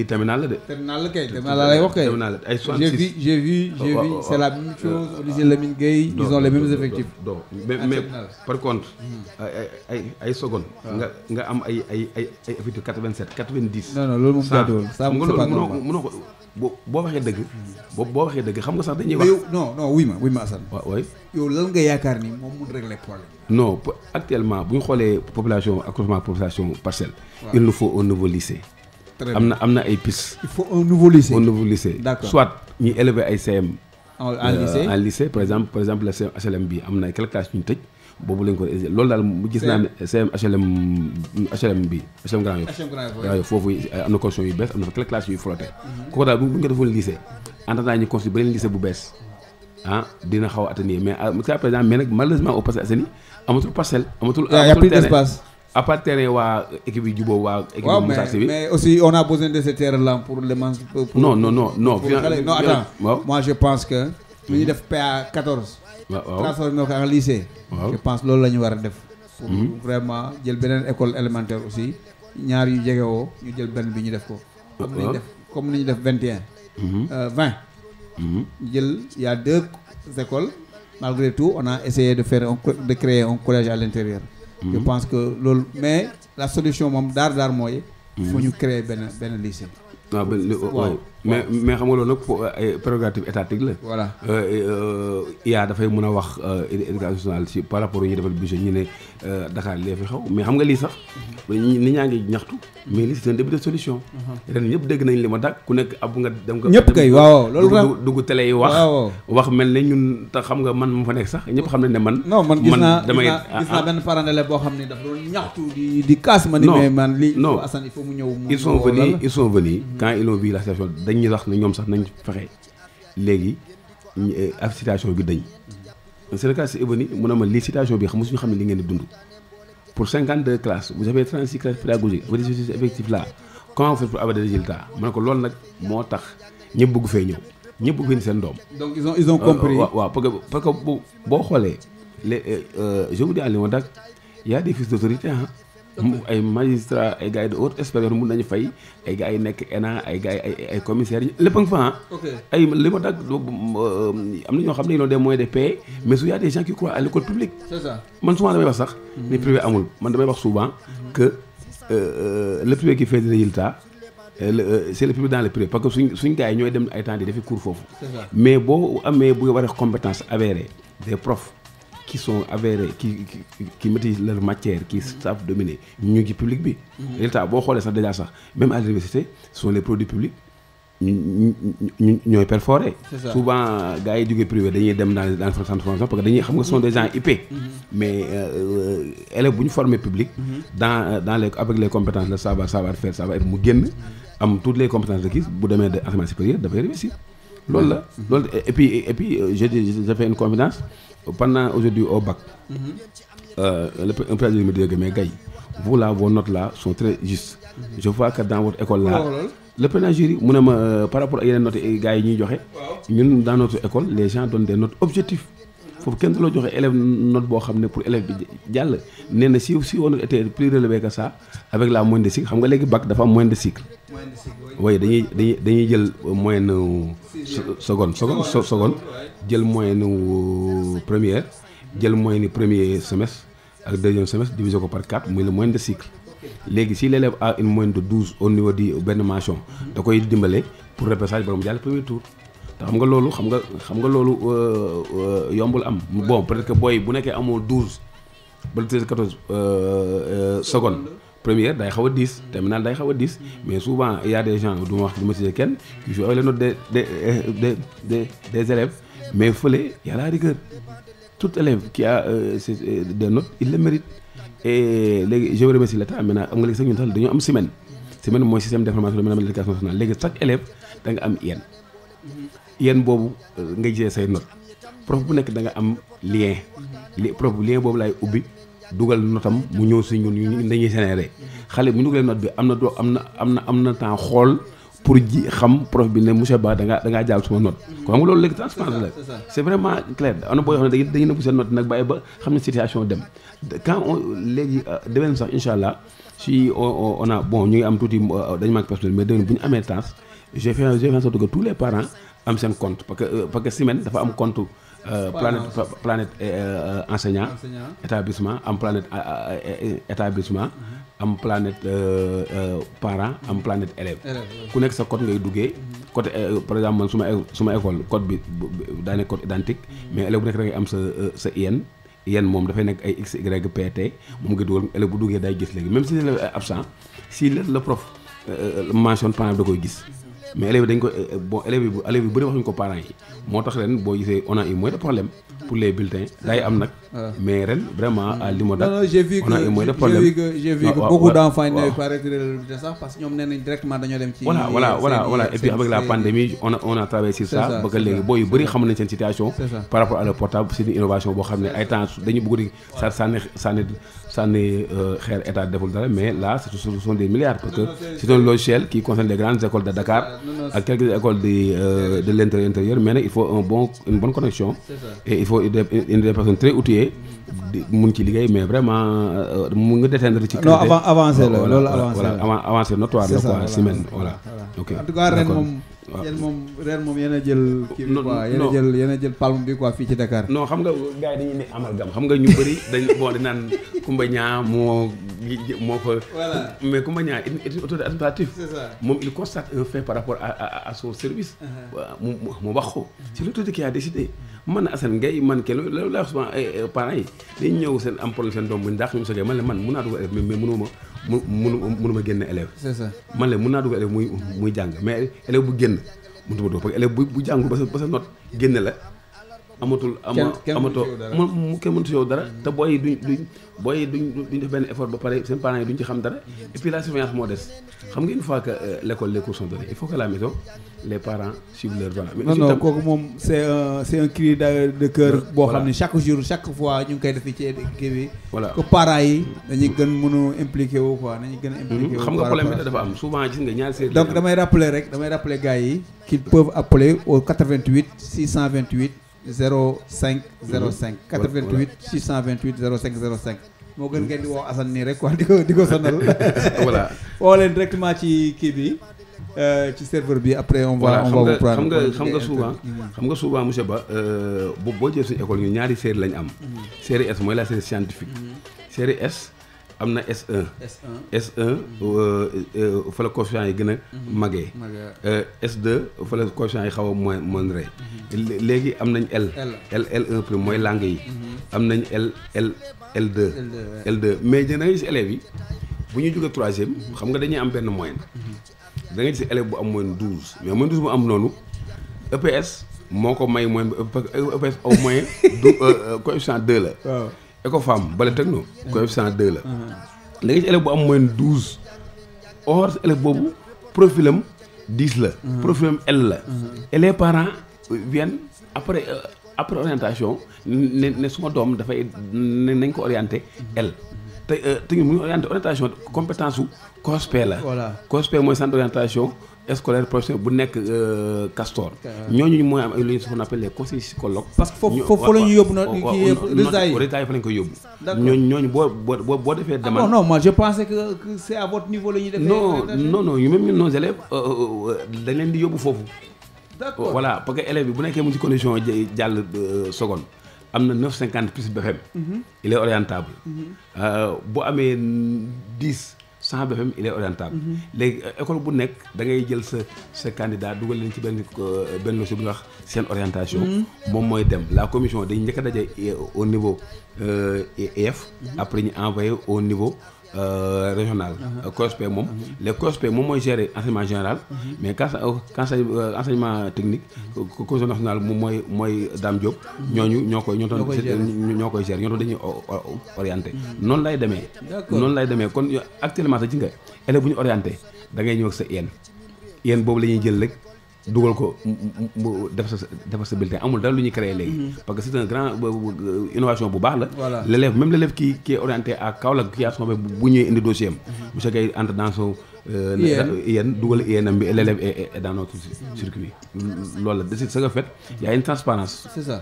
terminal la de. terminal la kay terminal la lay wax kay. ay 66 j'ai vu j'ai oh, oh, vu j'ai oh, vu c'est la même chose euh, au lycée Lamine Gueye. Euh, ils ont les mêmes effectifs. donc par contre. Hmm. ay ay ay secondes. nga nga am ay ay ay ay effectifs 87 90. non non loolu moom gàddu woon. ça ça mënoo ko mënoo ko. boo boo waxee dëgg. boo boo waxee dëgg xam nga sax dañuy wax. non non wuy ma wuy ma Assane. waaw waay yow lan nga yaakaar ni moom mun régler problème. non actuellement bu ñu xoolee population accroissement population parcelle. il nous faut un nouveau lycée. am na am na ay piste. il faut un nouveau lycée soit ñu élever ay CM. Euh, en lycée par exemple par exemple la CM bi am na ay quelques ñu tëj. boobu lañ ko exil loolu daal gis naa ne CM HLM bi HLM Grand Yoff foofu am na condition yu bees am na fa classe yuy flotté mhm. kooku daal bu ñu ko defoon lycée en bu bees ah dina xaw a atténuer mais ça par exemple mais nag malheureusement au Parcelles Assainies amatul parcelle amatul ah, amatul terrain à part terrain waa équipe yi jubóo waa équipe Moussa Sy bi mais aussi on a besoin de ces terres là pour le man non no non non non attends moi je pense que lu ñu mhm. def PA 14 transformé ko en lycée je pense loolu la ñu war a def pour mhm. vraiment jël beneen école élémentaire aussi ñaar yu jegewoo ñu jël benn bi ñu def ko comme ni def comme ni ñu def vingt et un mhm. euh, mhm. jël y a deux écoles malgré tout on a essayé de faire de créer un collège à l'intérieur je pense que loolu mais la solution moom daar daar mooy fu ñu créer benn benn lycée waaw ah, mais mais xam nga loolu nag ay étatique la. voilà yaa euh, euh, dafay mën a wax euh, éducation nationale ci par rapport ñu defal budget ñu ne Dakar lee fi xaw mais xam nga lii sax. ni ñaa ngi ñaxtu. mais lii c'est un solution. Uh-huh. ren ñëpp dégg nañ li ma dàkk ku nekk ab nga dem nga. ñëpp kay waaw loolu la dugg télé yi wax. wax mel ne ñun te xam nga man mu fa nekk sax ñëpp xam nañ ne man. non man gis naa gis ah, naa ah. benn parent boo xam ne dafa doon ñaxtu di di kaas ma ni. mais man lii Assane il faut mu ñëw mu. ils sont venus ils sont venus mm-hmm. quand ils ont dañu ñu wax na ñoom sax nañ fexe léegi eh, ak situation bi dañ Sénégal si ébani mu ne ma lii situation bi xam ne li ngeen di dund pour 52 classes vous avez 36 classes pédagogiques avec des effectifs là comment vous faites pour avoir des résultats ma ne ko loolu nag moo tax ñëpp bëgg fee ñëw ñëpp bëgg fi seen doom. donc ils ont ils ont euh, compris. waaw parce que boo xoolee les euh, je vous dis en ligne dak y a des fils ay magistrats ay gars yi de haute espèce mun nañu fay ay nekk ENA ay gars yi ay ay a ngi fa ah. ay li ma dagg euh, am na ñoo xam ne ils ont de payer mais su y a des gens qui croient à l'école publique. c'est ça man souvent damay wax sax. ni mm. privé amul man damay wax souvent mm-hmm. que euh, euh, le privé qui fait des résultats. Le, c' est le public dans le privé parce que suñ suñ gars ñooy dem ay temps di defi cours foofu mais boo amee bu nga a compétence avérée des profs qui sont avérés qui qui, qui maîtrisent leur matière qui mhm. savent dominer ñu ngi public bi. Mhm. résultat boo xoolee sax déjà sax même à l'université ce sont produits publics ñu ñu ñooy perforé. souvent gars yi jógee privé dañuy dem dans dans centre de formation parce que dañuy xam nga ce sont des gens IP. Mhm. mais euh, élèves bu ñu formé public. dans dans les avec les compétences le savoir savoir faire savoir être mu génn am toutes les compétences requises bu demee de enseignement supérieur dafay réussir. loolu la loolu pendant aujourd'hui au bac. Mm -hmm. euh, le, un président me dit mais Gaye, vous la vos notes la sont très justes. Mm -hmm. Je vois que dans votre école là. Oh, le premier jury mu ne ma euh, par rapport ak yeneen notes yi ñuy joxe. ñun dans notre école les gens donnent des not objectives. foofu kenn du la joxe élève note boo xam ne pour élève bi jàll. nee na si si on était plus relevé que ça avec la moyenne de cycle xam nga léegi bac dafa am moyenne de cycle. moyenne de cycle dañuy dañuy dañuy jël moyenne. Euh, seconde seconde seconde. jël moyenne nu euh, première jël moyenne ni premier semestre ak deuxième semestre divisé ko par 4 muy la moyenne de cycle léegi si l'élève a une moyenne de 12 au niveau di benn mention da koy dimbale pour repêchage ba mu jàll premier tour te xam nga loolu xam nga xam nga loolu euh, euh, yombul am bon peut-être que booy bu nekkee amoo 12 ba 13 14 seconde day xaw a 10 terminale day xaw a 10 mais souvent il y a des gens du ma wax du ma cité kenn qui jouent avec les notes des des mais fële y a la tout élève qui a euh, euh, des notes il le mérite et léegi je vous remercie l'état maintenant am nga léegi sax ñun sax dañoo am semaine semaine mooy système d'information de maanaam l'éducation nationale léegi da nga am yenn yenn boobu euh, nga gisee say notes prof bu nekk da nga am lien li prof lien boobu laay ubbi dugal notam mu ñëw si ñun ñu dañuy généré xale bu ñu dugalee not bi am na doo am na am na am na temps xool pour ji xam prof bi ne monsieur Ba da ngaa da ngaa suma note mm-hmm. kon xam nga loolu léegi transparence la c'est vraiment clair am na boo xam ne dañuy nëbbu seen note nag bàyyi ba xam ne situation dem quand on léegi euh, déwén sax incha allah si on a bon ñu ngi am tuuti euh, dañu manque personnel mais déwén bu ñu amee temps j'ai fait j'ai fait en les parents am seen compte parce que euh, parce dafa am compte Euh, planète planète euh, euh, enseignant établissement am planète établissement uh-huh. am planète parent am uh-huh. planète élève ku nekk sa code ngay duggee uh-huh. côté par exemple man su ma su ma code bi daane code identique mais élève bu nekk da ngay am sa sa IN IN moom dafay nekk ay x y pt moom nga dugal élève bu duggee day gis léegi même si l'élève absent si le prof mentionne parent da koy gis mais élèves dañ ko euh, euh, bon élèves yi élèves waxuñu ko parents yi moo tax ren boo gisee on a eu moins de problème pour les bulletins daay am nag ah. mais ren vraiment à Limodac on a eu moins de problème j'ai vu que j'ai vu que dañoo dem ci voilà voilà voilà pandémie on a on a travaillé sur ba que léegi boo yu bëri xam nañ seen situation par rapport à leur portable c'est une innovation boo xam ne ay temps dañu bëgg di sa sànni sànni sànni euh, xeer état deful dara mais là ce sont des milliards parce que c'est un logiciel qui concerne les grandes écoles de Dakar ah, ak quelques écoles de euh, de l'intérieur intérieur mais nag il faut un bon une bonne connexion et il faut une des personnes très outillées mun ci liggéey mais vraiment euh, mu nga déteindre ci non avant avancé la loolu avancé la avancé notoire la quoi semaine voilà ok en tout cas ren moom yéen moom ren moom yéen a jël. kii bi quoi yéen a jël a jël palme fii ci Dakar. non xam nga gars yi dañuy ne amalgam xam nga ñu bëri dañ bon di naan Kumba Ñaa moo moo fa. mais Kumba Ñaa est une autorité administrative. moom il constate un fait par rapport à à à son uh-huh. mu wax ko. c'est l'autorité a décidé. man Assane ngay man ke loolu laa wax souvent eh, ay eh, parents yi dañu ñëw seen am problème seen doom bu ñu daax ñu sojee man la man mun naa dugg élève mais mënuma mënu mënuma génn élève c'est ça man la mun naa dugg élève muy muy jàng mais élève bu génn mënutuma dugg parce que élève bu bu jàngu ba sa ba sa note génn la amatul ama amatoo mu kenn mënut yow dara te booy yi duñ duñ booy yi duñ duñ def benn effort ba pare seen parents yi duñ ci xam dara et puis la surveillance moo des nga une fois que euh, l'école les cours sont donnés moom c'est un c'est boo xam ne chaque jour chaque fois ñu ngi koy def ci kii bi yi dañuy gën mën a impliqué wu quoi dañuy gën mhm. xam nga problème bi dafa am souvent gis nga ñaari série donc damay rappeler rek damay rappeler gars yi qu'ils peuvent appeler au 88 628 vingt 05 88 628 05 cinq moo gën ngeen di woo Assane nii rek quoi di ko di ko sonal voilà woo leen directement ci kii bi euh, ci serveur bi après on va on va xam nga xam nga souvent mm-hmm. xam nga souvent monsieur Ba euh, boo boo jël suñu école ñu ñaari série lañ am mm-hmm. série S mooy la série scientifique mm-hmm. série S am na S1. S1 s euh, euh, fa la coefficient yi gën a mhm. magee. Euh, S2 fa la coefficient yi xaw a moins moindre. Mhm. léegi am nañ L. L l mooy langue yi. Mhm. am nañ L L L2. mais da ngay gis yi bu ñuy jógee troisième xam nga dañuy am benn moyenne. da ngay gis élève bu am moyenne douze mais moyenne douze mu am noonu EPS moo ko may moyenne EPS au moyen du coefficient deux la. Ecofam bale techno. coef 102 la. léegi ci élève bu am moyenne 12. or élève boobu profil am 10 la. profil am la. et les parents après euh, après orientation ne ne suma doom dafay nañ ko orienté L. te euh, te ñu mu ngi orienté orientation compétence su COSPE la. voilà COSPE mooy centre d' orientation. scolaire professionnel bu nekk euh, Castor. ñooñu mooy am lu ñu soxla appelle les conseils psychologues. parce que foofu foofu la ñu yóbbu na kii résultats yi résultats yi fa lañ koy yóbbu. ñooñu ñooñu boo boo boo defee. Ah demande non non dañ leen di yóbbu foofu. d'accord parce que élèves bu nekkee mu ci condition jàll euh, seconde. am na neuf cinquante plus BFEM. Mhm. il orientable. Mhm. Euh, bu amee dix. san BFM il orientable. Mhm. léegi euh, école bu nekk dangay jël sa sa candidat dugal leen ci benn euh, benn su bi nga wax seen orientation. Mhm. moom mooy dem la commission dañ njëkk a daje euh, au niveau EF. E e mhm. après ñu envoyé au niveau. Euh, régional. Uh-huh. Euh, COSP moom. Uh-huh. les COSP moom mooy gérer enseignement général. Uh-huh. mais quand euh, enseignement technique. commission nationale moom mooy mooy Dame Diop. ñooñu ñoo koy ñoo ñoo koy gérer ñoo dañuy orienté. noonu lay demee. noonu lay demee kon actuellement sax ci nga élève bu ñu orienté da ngay ñëw ak sa yéen yéen boobu la ñuy jël rek. dugal ko defar sa defar sa bulletin amul dara lu ñuy créer léegi. Mm-hmm. parce que c'est un grand euh, euh, innovation bu baax la. voilà l'élève même l'élève qui qui est orienté à Kaolack qui a bu ñëwee indi dossier am. Mm-hmm. monsieur Guèye entre dans Euh, IN dugal INM bi l'élève est dans notre circuit mm, loolu la de ce fait y a une transparence c'est ça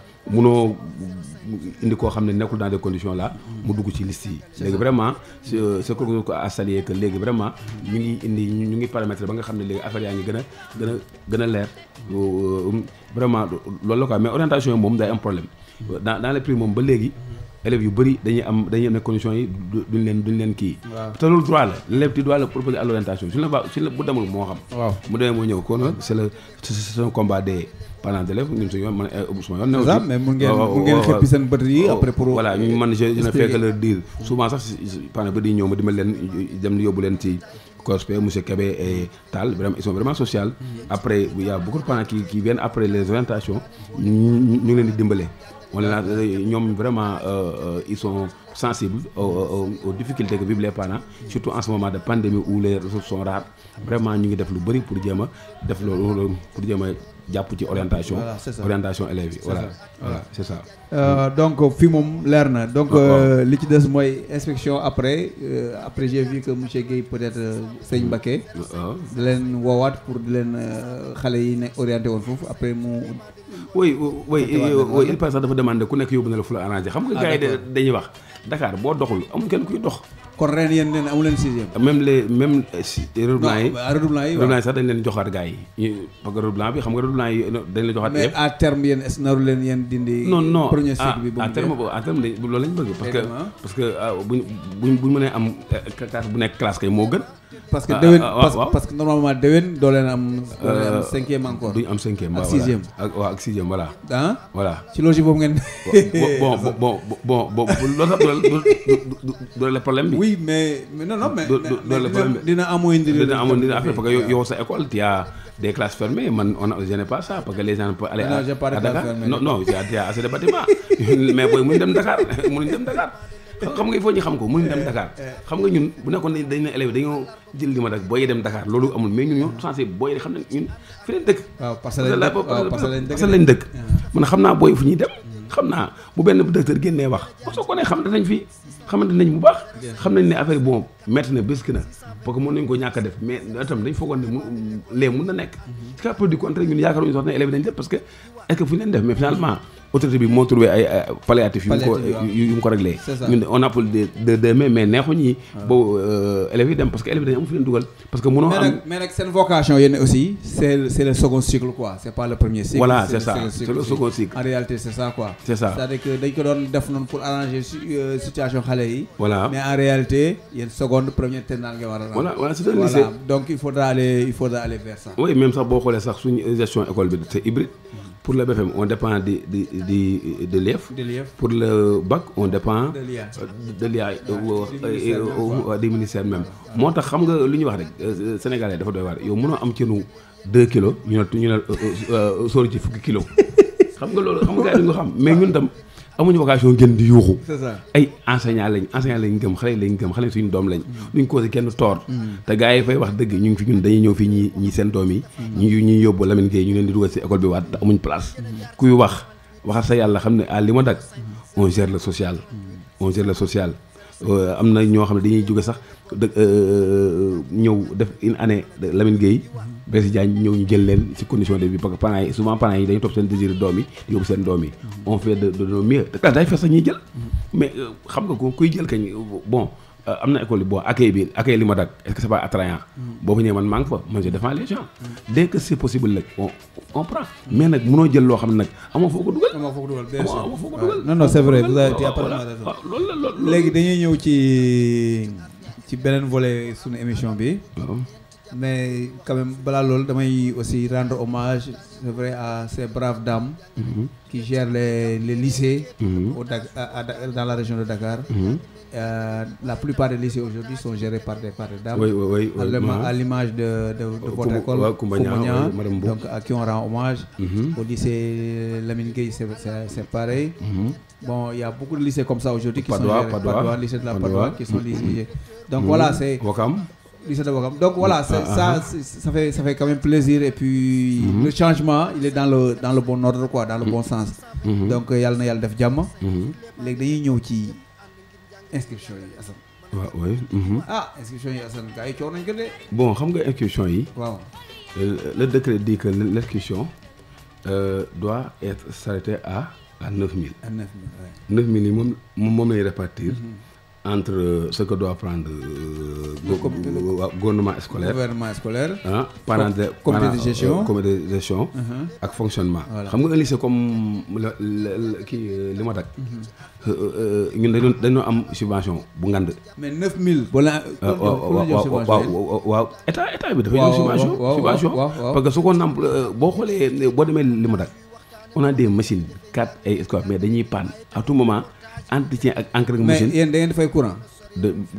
indi koo xam ne nekkul dans de condition la mu dugg ci liste yi léegi vraiment c'est quelque chose à saluer que léegi vraiment ñu ngi indi ñu ngi paramètre ba nga xam ne léegi affaire yaa ngi gën a gën a gën leer euh, vraiment loolu la quoi mais orientation yi moom day am problème dans dans les moom ba léegi élèves yu bëri dañuy am dañuy am ne conditions yi duñ leen duñ leen kii te loolu droit la l'élève tu dois le proposer à l'orientation suñu la ba suñu la bu demul moo xam waaw mu demee moo ñëw kon a c'est le c'est un combat des parents d'élèves ñun suñu yoon man eh, oh, oh, oh, yi pour voilà ñu man je ne fais que leur dire souvent ba di ñëw ma dimbal leen dem yóbbu leen ci COSPE monsieur Kébé et taal vraiment ils sont mm. après il y a beaucoup de parents après les orientations ñu ngi leen di dimbale on les ñoom vraiment euh, euh, ils sont sensibles aux aux difficultés que vivent les parents surtout en ce de pandémie où les ressources sont rares vraiment ñu ngi def lu bëri pour jéem a def loolu pour jéem jàpp ci orientation. voilà c'est ça orientation élèves yi voilà. voilà c'est ça. Euh, donc fi moom leer na donc euh, li ci des mooy inspection après euh, après j'ai vu que monsieur Guèye peut-être sëñ Mbacké. Ah. di leen woowaat pour di leen xale yi ne orienté woon foofu après mu. oui oui oui il passe dafa demandé ku nekk yóbbu na la fu la arrangé xam nga ah, yi dañuy wax Dakar boo doxul amul kenn kuy dox. kon reen yéen neen amu leen sixième même les même euh, yi redoublant yi sax dañ leen joxaat gars yi parce que redoublant bi xam nga redoublant yi dañ leen joxaat yëpp mais en terme yéen naru leen yéen dindi non non premier ah, cycle terme à loolu lañ bëgg parce que parce que ah, bu buñ buñ mënee am euh, classe bu nekk classe kay moo gën parce que déwén parce que normalement déwén doo leen am. doo leen am cinquième encore. duñ am cinquième waaw ak sixième ak waaw ak sixième voilà. ah voilà ci logique boobu ngeen. bon bon bon bon loolu sax doole la problème bi. oui mais non non mais. doole problème bi dina amoo indi. dina amoo indi affaire parce que sa école tu as des classes fermées man on je n'ai pas ça parce que les gens peuvent non non il y a de bâtiments mais booy mënuñ dem Dakar. xam nga xam ko mënuñ dem eh, Dakar eh. xam nga ñun bu nekkoon dañ ne élève dañoo jël li ma dak booy dem Dakar loolu amul mais ñun ñoo censé booy de xam ne ñun fi leen dëkk dëkk eh. man xam naa booy fu ñuy dem hmm. xam naa bu benn docteur génnee wax soo ko ne xam nañ fi xamante nañ bu baax xam nañ ne affaire bon métti na bés na parce que mën nañ ko ñàkk a def mais itam dañ foogoon ne mu lee mun na nekk ci cas produit contraire ñun yaakaaruñu sax ne dañ def parce que est-ce que fu ñu def autorité bi moo trouvé ay palliatif yu mu ko yu mu ko réglé ñun on appelle des des deux mais neexuñ yi ah. boobu euh, élèves yi dem parce que élèves yi dañu am fu leen dugal parce que mënoo am mais nag seen vocation yéen aussi c'est c'est le second cycle quoi c'est pas le premier cycle voilà c'est ça c'est le second cycle en réalité c'est ça quoi c'est ça c'est-à-dire que dañ ko doon def noonu pour arranger euh, situation xale yi voilà mais en réalité yéen seconde première terminale nga war a voilà voilà c'est un lycée donc il faudra aller il faudra aller vers ça oui même sax boo xoolee sax suñu gestion école bi c'est hybride Pour le BFM, on dépend de, de, de, de l'IEF. E pour le BAC, on dépend de l'IA euh, euh, et euh, des ministères moo tax xam nga lu ñuy wax rek sénégalais dafa doy waar yow mënoo am cenu 2 kilos ñu ne ñu ci fukki kilos xam nga loolu xam nga gars yi nga xam mais ñun tam. amuñu vocation gën di yuuxu ay enseignant lañ enseignant lañ gëm xale lañ gëm xale suñu doom lañ duñ causé kenn tort mm. te gars yi fay wax dëgg ñu ngi fi ñun dañuy ñëw fii ñi ñi seen doom yi ñu mm. ñuy yóbbu Lamine Gueye ñu leen di dugal si école bi waat te amuñ place mm. kuy wax waxal sa yàlla xam ne ah li ma dag on gère le sociale on gère le social Euh, am na ñoo xam ne dañuy jóge sax dë euh, ñëw def une année Lamine Gueye si Diagne ñëw ñu jël leen si condition de vie parce que parents yi souvent parents yi dañuy topp seen désir doom yi yóbbu seen doom yi on fait de de nos mieux te day fees sax ñuy jël mais euh, xam nga ko kuy jël kañ bon Euh, am na école yi bon accueil bi accueil li ma dag est-ce que c'est boo fa ñëwee man maa ngi fa man je défends les gens dès que c'est possible nag on on mais nag mënoo jël loo xam ne nag amoo foo ko dugal amoo foo ko dugal amoo foo ko dugal non non c'est loolu la loolu léegi dañuy ñëw ci ci beneen volet sunu émission bi mais quand même balaa loolu damay aussi rendre hommage c'est vrai à ces braves dames mm qui gèrent les, les mm-hmm. au à, dans la région de Dakar mm -hmm. la plupart des lycées aujourd'hui sont gérés par des, par dames à l'image de, de, de votre école Koumania donc à qui on rend hommage mm-hmm. au lycée Lamine Gueye c'est pareil bon y a beaucoup de lycées comme ça aujourd'hui qui sont gérés Padoua, Padoua lycée de la Padoua, qui sont lycées donc voilà c'est Wakam lycée de Wakam. Donc voilà, ah, ah, ça, ça, ah. ça, fait, ça fait quand plaisir. Et mhm. le changement, il est dans le, dans le bon ordre, quoi, dans le bon sens. Mhm. Donc euh, yàlla na yàlla def jàmm. Mhm. léegi dañuy ñëw ci inscription yi Assane. waaw oui. bon xam nga inscription yi. waaw. le décret dit que l'inscription euh, doit être s'arrêter à à neuf mille. à neuf mille yi moom moom lay répartir. entre ce que doit prendre euh, le euh, gouvernement scolaire gouvernement scolaire ah parent de euh, comité de gestion comité de gestion ak fonctionnement xam nga un comme kii li ma tak ñun dañoo dañoo am subvention bu ngand mais neuf mille wala waaw waaw état état bi dafa subvention subvention parce que su ko nam boo xoolee boo demee li ma tak on a des machines ay scope mais dañuy panne à tout moment entretien ak encre. machine mais yéen courant.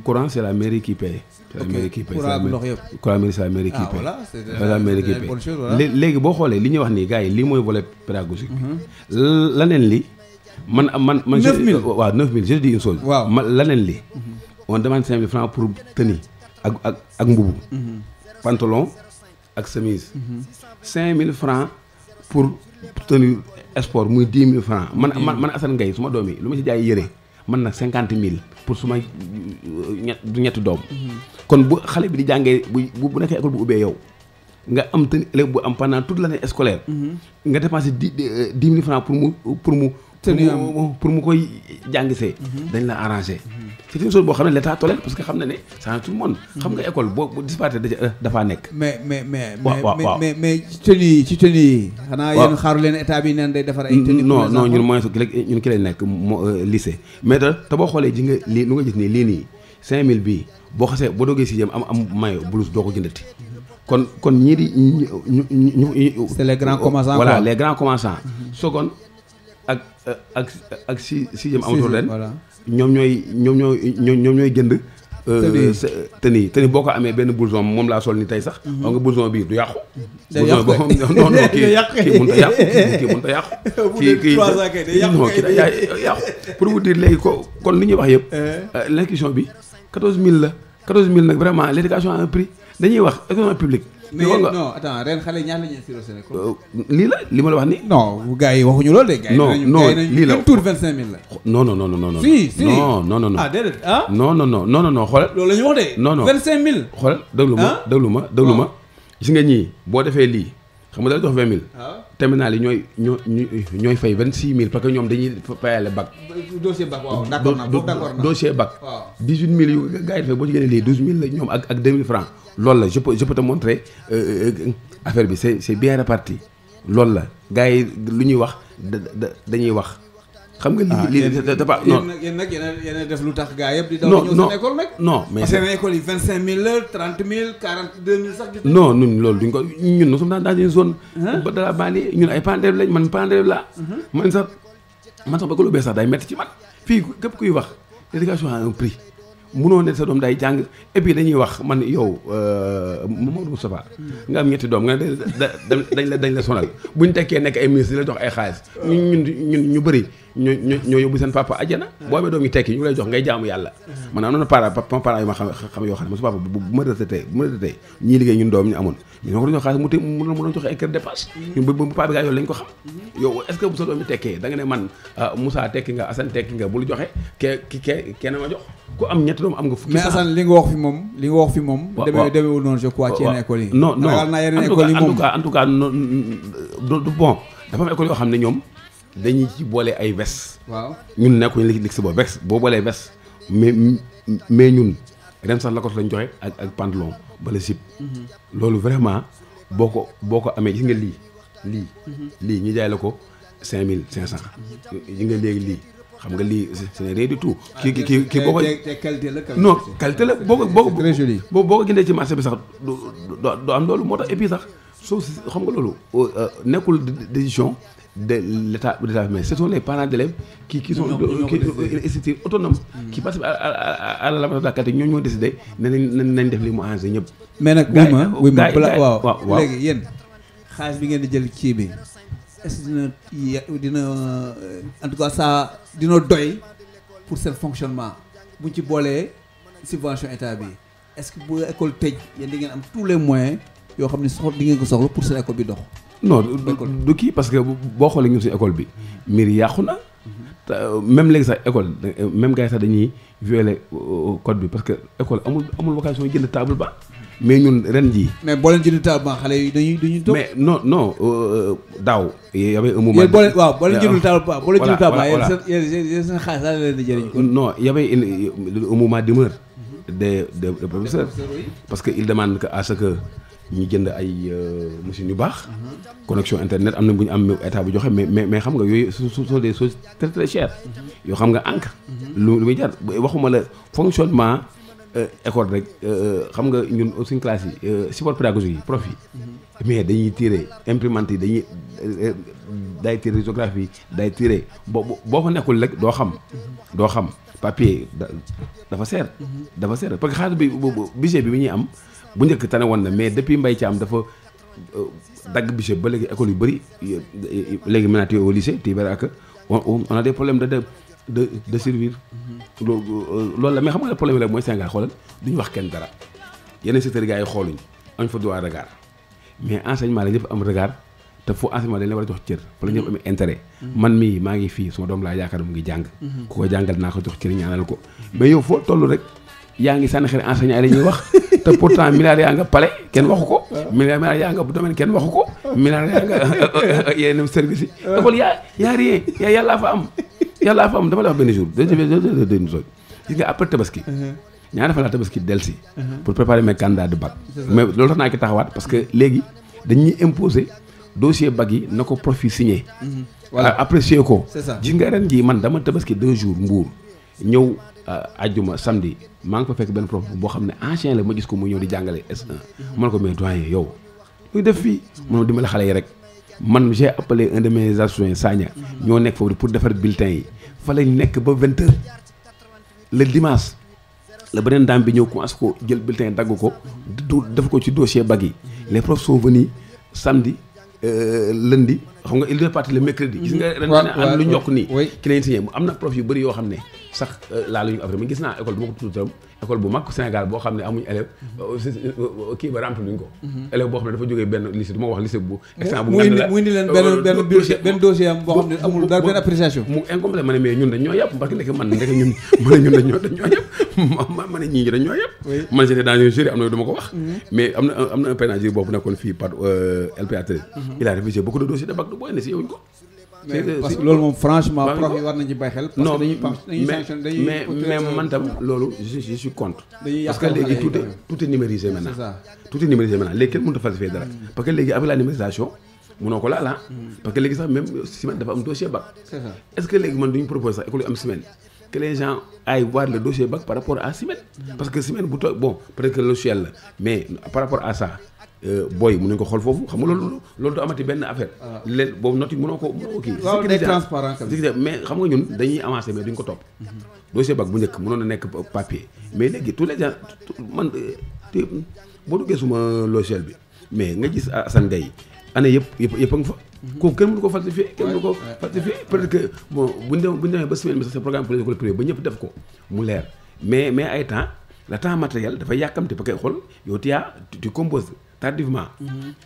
courant c'est la mairie qui paie. c'est la mairie qui ah, c'est la mairie qui paie. la mairie qui léegi boo xoolee li ñuy wax ni gars yi lii mooy volet pédagogique bi. Mhm. laneen li man man man. 9000 euh, waaw 9000 je dis une chose. waaw man laneen li. Mhm. on demande 5000 francs pour tenue ak ak ak mbubu. Mhm. pantalon ak chemise. 5000 francs pour tenue. sport muy dix mille francs man man man Assane Ngaye su ma doom lu ma si jaay yëre man nag cinquante mille pour su ma euh, ñett doom mm-hmm. kon bu xale bi di jàngee bu bu nekkee école bu ubbee yow nga am tenue élève bu am pendant toute l'année scolaire mm-hmm. nga dépensé dix euh, dix mille pour mu pour mu tenue pour mu koy jàngisee mhm. dañ la arrangé c'est une chose boo xam ne l'état tolère parce que xam na ne c'est tout le monde mhm. xam nga école boo bu euh, dafaa nekk mais mais mais mais mais ci tenue yi ci tenue day defar ay tenue non euh, te xoolee ji nga lii lu nga gis nii lii nii cinq mille bi boo xasee boo doogee sixième am am maillot blouse doo ko jëndati kon kon ñii di ñu ñu ñu. c'est les grands commerçants voilà les grands commerçants. Mhm. seconde ak ak si sixième amatul ren ñoom ñooy ñoom ñooy ñoom ñooy jënd euh, teni teni boo ko amee benn blouson moom laa sol ni tey sax mhm. xam nga blouson bii du yàqu blouson boo xam non non kii kii mënta yàqu kii mënta yàqu kii kii non kii da yàqu pour vous dire léegi ko kon li ñuy wax yëpp eh. euh, l'inclusion bi quatorze mille la quatorze mille nag vraiment l'éducation à un prix dañuy wax économie publique mais non attends ren xale ñaar la ñuy cirrhosé rek. lii la li ma la wax nii. non gars yi waxuñu loolu de. gars yi nañu gars yi nañu même tour 25000 la. non non non non non. si si non non non. ah déedéet ah. non non non non non xoolal. loolu la ñu wax de. non non 25000. xoolal ah. déglu ma déglu ma déglu ah. ma. gis nga ñii boo defee lii xam nga da dox 20000. waaw terminal yi ñooy ñoo ñooy fay 26000 parce que ñoom dañuy fayale bac. dossier bac waaw d'accord naa d'accord naa dossier bac. waaw 18000 yu gars yi dafay boo ci génnee lii 12000 la ñoom ak ak 2000 francs loolu la je peux je peux te montrer euh, euh, affaire bi c'est c'est bien réparti loolu la gars yi lu ñuy wax da dañuy wax. xam nga ah, li li dafa non yéen nag yéen def lu tax gars yëpp di daw ñëw seen école nag mais seen école yi vingt cinq mille la trente mille quarante deux mille sax non ñun loolu duñ ko ñun nous sommes dans une zone ba dala banlieue ñun ay pendève lañ man pendève laa mhm. man sax man sax ba ko lu bees sax day métti ci man fii képp kuy wax l'éducation a un prix munoo ne sa doom day jàng et puis dañuy wax man yow euh, Mamadou Moustapha hmm. nga am ñetti doom nga ne dañ la dañ la sonal ñu tekkee nekk ay ministre di la jox ay xaalis ñun ñun ñu bëri ñoo ñoo yóbbu seen papa ajjana boo amee doom yi tekki ñu lay jox ngay jaamu yàlla man am na para noonu je crois ci yoo xam ne ñoom dañuy ci boole ay wes. waaw ñun nekkuñu li li si boobu wes boo boolee wes mais mais ñun ren sax lakkatu lañ joxe ak ak pantalon bala sip. Mhm. loolu vraiment boo ko boo ko amee gis nga lii lii. Mhm. lii ñu jaay la ko cinq mille cinq cent. yi mhm. nga léegi lii. xam nga lii c'est rien du tout. Ah, ki kii kii boo ko te qualité la. non qualité la boo ko boo ko boo ko gindee ci marché bi sax doo du am loolu moo tax et sax soo si xam nga loolu euh, nekkul décision de l'état d'état mais ce sont les parents d'élèves ki qui sont qui instituts autonomes mm. qui participent à la laboratoire qualité ñoo ñoo décidé ne nañ nañ def li mu engrais ñëpp mais nag wuyma wuyma waaw waaw léegi yéen xaalis bi ngeen di jël cii bi est-ce que dina dina euh, en tout cas ça dina doy pour seen fonctionnement buñ ci boolee subvention état bi est-ce que bu école tëj yéen di ngeen am tous les moyens yoo xam ne soxla di ngeen ko soxla pour seen école bi dox non du kii parce que boo xoolee ñun suñu école bi mbir yàqu na même léegi sax école même gars yi sax dañuy violer euh, code bi parce que école amul amul vocation jënd table ba mais ñun ren jii. mais boo leen jënd table ba xale yi dañuy dañuy toog. mais non non euh, daaw. y avait un moment. boo leen waaw boo leen jëndul table ba boo leen jëndul table ba yéen seen yéen seen xaalis daal leen di jëriñ. non y avait un moment d'humeur mhm. des des professeurs parce que il demande que à ce que. ñuy jënd ay euh, machines yu baax. connexion internet am na bu ñu am état bu joxe mais mais xam nga yooyu ce sont des choses très très chères. yoo xam nga encre. lu lu muy jar waxuma la fonctionnement euh, école rek euh, xam nga ñun suñ classe yi support pédagogique yi prof mais dañuy tiire imprimante yi dañuy day tirer lithographie yi day tirer boo boo fa nekkul rek doo xam. doo xam papier dafa seer. dafa seer parce que xaalis bi budget bi bi ñuy am. bu njëkk tane woon na mais depuis Mbaye Thiam dafa euh, dagg budget ba léegi école yu bëri euh, léegi maintenant tu es au lycée tu verras que on a des problèmes de de de de servir. Mm-hmm. Euh, loolu la mais xam nga problème la mooy Sénégal xoolal duñu wax kenn dara yenn secteur gars yi xooluñ añ fa droit regard mais enseignement la ñëpp am regard te foo enseignement dañ la war a jox cër fa ñëpp mm-hmm. amee intérêt. Mm-hmm. man mii maa ngi fii suma doom laa yaakaar mu ngi jàng. ku ko jàngal naa ko ko yaa ngi sànni xel enseignant yi ñuy wax te pourtant milliards yaa nga pale kenn waxu ko. Ah. milliards milliards yaa nga domaine kenn waxu ko. milliards yaa nga ah. euh, euh, euh, yenn service yi. école ah. am yàllaa fa am dama la wax benn jour deux deux deux deux gis nga après tabaski. Uh-huh. ñaari fan laa tabaski delsi uh-huh. pour préparer mes candidats de bac. mais loolu tax naa ki taxawaat parce que léegi dañuy imposer dossier bac yi na ko profil signé. Uh-huh. voilà apprécier ko. c'est ça gis nga ren jii man dama tabaski deux jours mbuur ñëw. ajjuma euh, samedi maa ngi fa fekk benn prof boo xam ne ancien la ma gis ko mu ñëw di jàngale S1 ma ne ko mais doyen yow luy def fii mënoo dimbali xale yi rek man j'ai appelé un de mes ñoo nekk foofu pour defar bulletin yi fa lañ nekk ba vingt heures le dimanche la beneen daam bi ñëw commencé ko jël bulletin dagg ko def ko ci dossier bag yi les profs sont venus samedi euh, lundi xam nga il est parti le mercredi gis nga ren am lu ñokk nii am na prof yu bëri yoo xam ne sax euh, laaluñu affaire man gis naa école bu ma ko tudd tam école bu mag Sénégal boo xam ne amuñ élève euh, euh, kii ba rempli luñu ko mhm. élève boo xam ne dafa jógee benn lycée du ma ko wax lycée bu extant bu muy ni leen benn benn benn dossier am boo xam ne amul dara benn appréciation mu incomplet ma ne mais ñun dañ ñoo yàpp parce que ndeke man ndeke ñun ma ne ñun dañ ñoo dañ ñoo yàpp ma ma ne ñii ñi dañ ñoo yàpp man j'étais dans un jury am na du ma ko wax mhm. mais am na am na un pénal jury boobu nekkoon fii par LPA mhm. il a révisé beaucoup de dossiers de bac du booy ne si yowuñu ko parce que mais parce que léegi tout est tout est numérisé maintenant. c'est ça tout est numérisé maintenant léegi kenn mënut a falsifier dara. Hmm. parce numérisation mënoo ko laal ah. Hmm. parce que léegi sax même semaine dafa am dossier bac. est-ce que léegi man duñu proposer sax école yu am semaine. que les gens aillent voir le dossier par rapport à semaine. Hmm. parce que semaine bu toog bon peut-être que logiciel la mais par rapport à ça. Euh, booy mu nañu ko xool foofu xam nga loolu loolu du amati benn affaire. Ah. leen boobu noti mënoo ko mënoo ko kii. waaw day transparent mais xam nga ñun dañuy avancer mais duñ ko topp. dossier bac bu njëkk mënoon na nekk papier mais léegi tous les gens man te boo duggee suma logiciel bi mais nga gis Assane Gaye année yëpp yëpp yëpp a nga fa. Mhm. kooku kenn mënu ko falsifier kenn ko falsifier peut que bon bu ñu demee bu ñu demee ba semaine bi programme pour les ba ñëpp def ko mu leer mais mais ay temps le temps matériel dafay yàkkamte parce que xool yow tu as tu tardivement.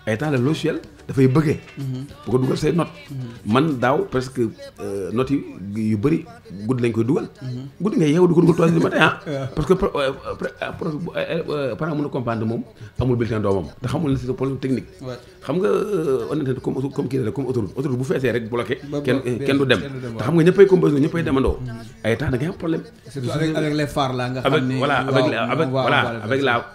ay temps le logiciel dafay bëggee. Mhm. bu ko dugal say notes. Mhm. man daaw presque euh, notes yi yu bëri guddi lañ koy dugal. Mhm. guddi nga yeewu di ko dugal trois heures du matin ah. parce que euh, euh, parent mën a comprendre moom amul bulletin doomam te xamul ne c'est un problème technique. xam nga honnêtement comme comme kii la comme autoroute bu feesee rek bloqué. kenn kenn du dem te xam nga ñëppay composé ñëppay demandoo. ay temps da ngay problème. surtout avec avec xam ne. voilà avec avec voilà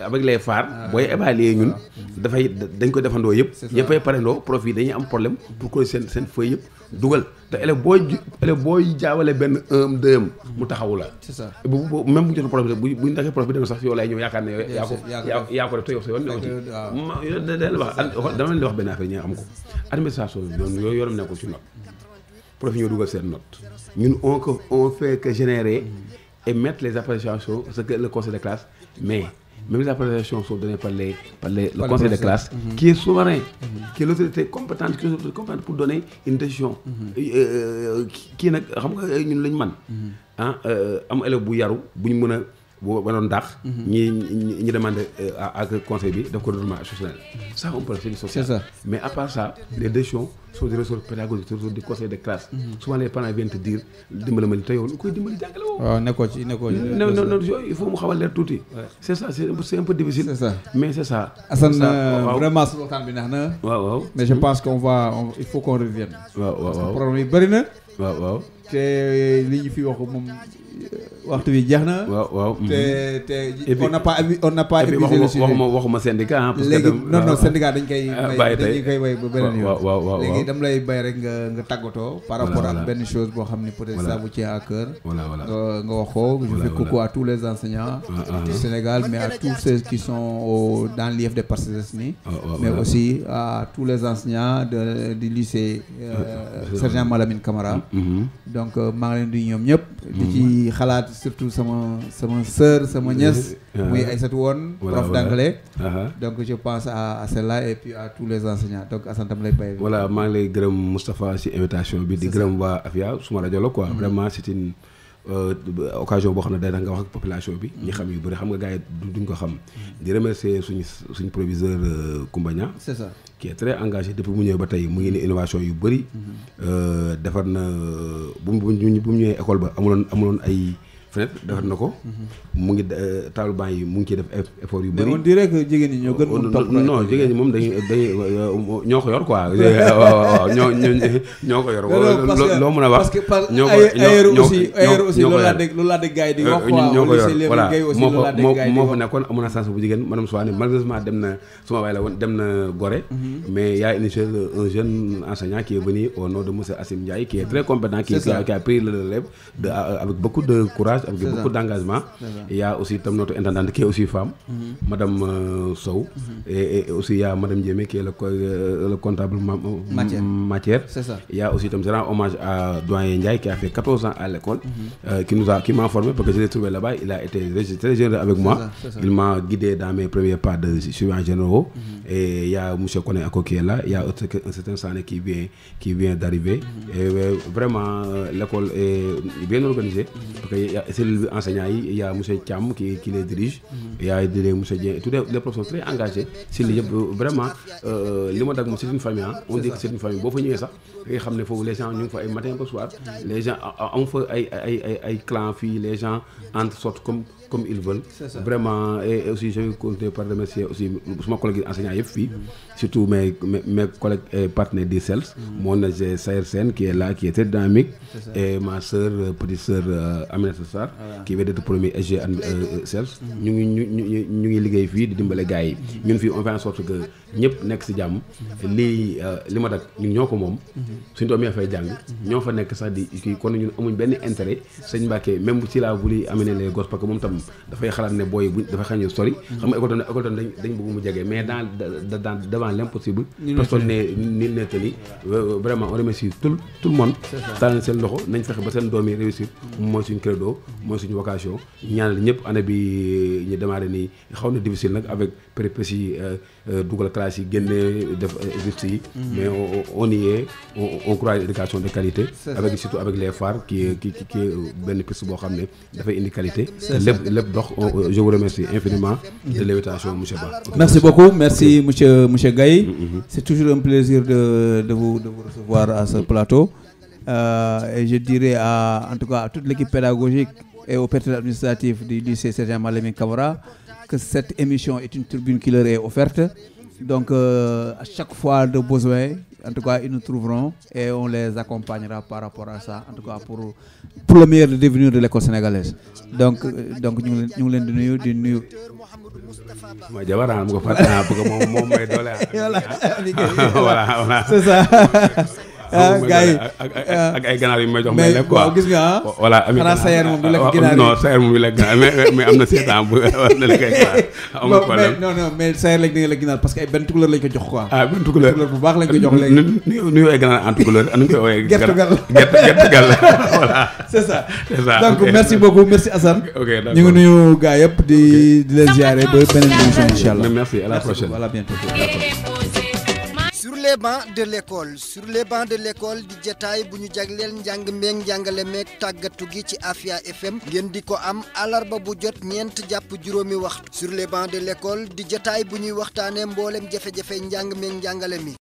avec la ah. ñun. Ah. dafay dañ koy defandoo yëpp yëppay parendoo prof yi dañuy am problème pour koy seen seen feuille yëpp dugal te élève booy élève booy jaawale benn un deux am mu taxawu la c'est ça bu même bu ñu jotoon prof bi buñ nekkee prof bi dem sax yow lay ñëw yaakaar ne yow yaa ko yaa ko def te yow sa yoon nekku ci dañ wax dama leen wax benn affaire ñi nga xam ko administration bi noonu yooyu yoonam nekkul ci note prof yi ñoo dugal seen note ñun on que on fait que générer et mettre les appréciations ce que le conseil de classe mais même les appréciations sont données par, les, par les, la par conseil de classe, mm -hmm. qui est souverain, mm -hmm. qui est l'autorité compétente, qui est compétente pour donner une décision. kii mm-hmm. euh, nag xam nga ñun lañ man mm-hmm. ah euh, am élève bu yaru bu ñu bu ba doon dàq. Mhm. ñi ñi ñi demandé euh, ak conseil bi daf ko redoublement associationnel. Mhm. ça social. c'est ça mais à part ça. les décisions sont des ressorts pédagogiques surtout du conseil de classe. Mhm. souvent les parents viennent te dire dimbali ma li te yow koy dimbali jàngale woo. waaw nekkoo ci nekkoo ci. non non non il faut mu xaw leer tuuti. c'est ça c'est un peu difficile. c'est ça mais c'est ça. Assane euh, vraiment su waxtaan bi neex na. waaw waaw mais je hmm? pense qu'on va il faut qu'on revienne. waaw waaw que problème yi waaw waaw. te eh, li ñu fi wax moom eh, waxtu bi jeex na. waaw waaw. te mhm. te on n'a pas on n'a pas. épuisé le sujet waxuma waxuma syndicat ah. léegi non non syndicat dañ koy. Ah, bàyyi dañuy koy bay bu beneen yoon. waaw waaw léegi dama lay bay rek nga nga tàggatoo. par rapport ak benn chose boo xam ni peut-être ça vous tient à cœur. voilà voilà nga wax ko. je fais coucou à tous les enseignants. du ah, ah, Sénégal mais à tous ceux qui sont dans l'IEF de Parcelles Assainies. mais aussi à tous les enseignants di du lycée. Euh, Sergent Malamine Camara. Mm-hmm. donc euh, maa leen di ñoom ñëpp. di ci mm-hmm. xalaat surtout sama sama sœur sama nièce. Uh-huh. muy Aïssatou woon. prof d'anglais. Uh-huh. donc je pense à à celle-là et puis à tous les enseignants donc Assane tam lay bay. voilà maa ngi lay gërëm Moustapha si invitation bi. di gërëm waa Afia suma rajo la quoi. Mm-hmm. vraiment c'est une. Euh, occasion boo xam ne day nga wax ak population bi ñi xam yu bëri xam nga gars yi duñ ko xam di remercier suñu suñu proviseur Koumba euh, Niang c'est ça qui est très engagé mu ñëwee ba tey mu ngi ne innovation yu bëri mm-hmm. euh, defar na bu mu bu ñu bu mu ñëwee école ba amuloon amuloon ay Fred defar na ko. mu ngi euh, taalibaan yi mu ngi ciy def effort yu bëri. mais on dirait que jigéen ñi ñoo gën moom oh, topp jigéen ñi moom euh, ko yor quoi. waaw waaw que ñoo ko loolu laa dégg loolu di euh, wax. ko yor voilà moo fa moo na sens bu jigéen la woon dem na Gorée. Mhm. mais y a initié un jeune enseignant qui est venu au nom de monsieur Assim Ndiaye qui est mhm. très compétent. qui a pris le relève de avec beaucoup de courage courage avec beaucoup d'engagement il aussi tam notre intendante qui est aussi femme mm-hmm. madame euh, Sow mm-hmm. et aussi il y a madame Diémé qui est le euh, comptable matière c'est ça il y a aussi tam je rends hommage à Doyen Ndiaye qui a fait 14 ans à l'école mm-hmm. euh, qui a qui m'a formé parce que je l'ai trouvé là-bas il a été très avec moi il m'a guidé dans mes premiers de suivants généraux Et il y a M. Kone Ako qui est là, il y bi un certain Sané qui vient, qui vient d'arriver. Mm -hmm. Et vraiment, euh, l'école est bien organisée. Parce que c'est l'enseignant, il y a M. Cham qui, qui les dirige, il y a M. Dien, tous les, les profs sont très engagés. Euh, vraiment, euh, c'est une famille, hein. on dit que c'est une famille. Bon, faut ça. Et les gens, nous faisons matin et soir, les gens ont fait des clans, les gens entrent, sortent comme. comme ils veulent. vraiment et aussi je vais continuer par remercier aussi suma collègue enseignant yëpp fii. surtout mes, mes, mes collègues et partenaires d'ICELS. Mm. Mm-hmm. Mon j'ai Saher Sen qui est là, qui était dynamique. Et ma soeur, euh, petite soeur euh, Aminata Sarr, voilà. qui vient d'être premier SG ICELS. Nous sommes fii di dimbale gars yi. Mm-hmm. ñun fii on fait en sorte que ñëpp nekk si jàmm. Mm-hmm. lii euh, li ma dag ñun ñoo ko moom. suñu doom yi fay ñoo fa nekk sax di kii kon ñun amuñ benn intérêt. sëñ Mbacke même si laa voulu amener les gosses parce que moom tam dafay xalaat ne booy bu dafay xañ sori. xam nga école tam école tam dañ dañ bëgg mu jege mais dans dans devant. dans l'impossible. personne n'est nul n'est tenu. Euh, vraiment on remercie tout tout le monde. tàllal seen loxo nañ fexe ba seen doom yi réussir. Mm. mooy suñu credo. mooy suñu vocation ñaanal ñëpp année bi ñu démarré nii xaw na difficile nag avec péripéties yi euh, euh, dugal classe yi génne def euh, exercice yi. Mm-hmm. mais on y est on croit éducation de qualité. avec surtout avec les phares qui qui qui benn piste boo xam ne dafay indi qualité. lépp lépp dox je vous remercie infiniment de mm-hmm. l'invitation monsieur Ba. merci beaucoup merci monsieur monsieur mm-hmm. c'est toujours un plaisir de de vous recevoir à ce plateau. je dirais à, en tout cas à toute l'équipe pédagogique et au personnel administratif du lycée Sergent Malamine Camara que cette émission est une tribune qui leur offerte. Donc, euh, chaque fois de besoin, en tout cas, ils nous trouveront et on les accompagnera par rapport à sa en tout cas pour, pour le meilleur devenir de l'école sénégalaise. Donc, euh, donc ñu ngi leen ñu ngi leen di nuyu di nuyu. mooy jabaram ah, bu ko fàtte naa doole. voilà c'est ça. Ah, gars yi ah. ak ay ganaar yu may jox may lekk quoi waaw gis nga ah voilà am xanaa sayer ah, moom du lekk ginaar non sayer am na seetaan bu war lekk ginaar parce que ay benn tukulóor lañ ko jox quoi ah benn tukulóor bu baax lañ ko jox léegi nu ñu ganaar en tukulóor nu ñu koy ooyee gertu gal c'est ça c'est ça donc merci beaucoup merci Assane ñu ngi nuyu gars yëpp di di leen ziare ba beneen émission incha la les bancs de l'école sur les bancs de l'école di jataay bu ñu jagleel njàng meeg njàngale meeg tàggatu gi ci Afia FM ngeen di ko am alarba bu jot ñeent jàpp juróomi wax sur le bancs de l'école di jataay bu ñuy waxtaanee mboolem jafe-jafe njàng meeg njàngale mi.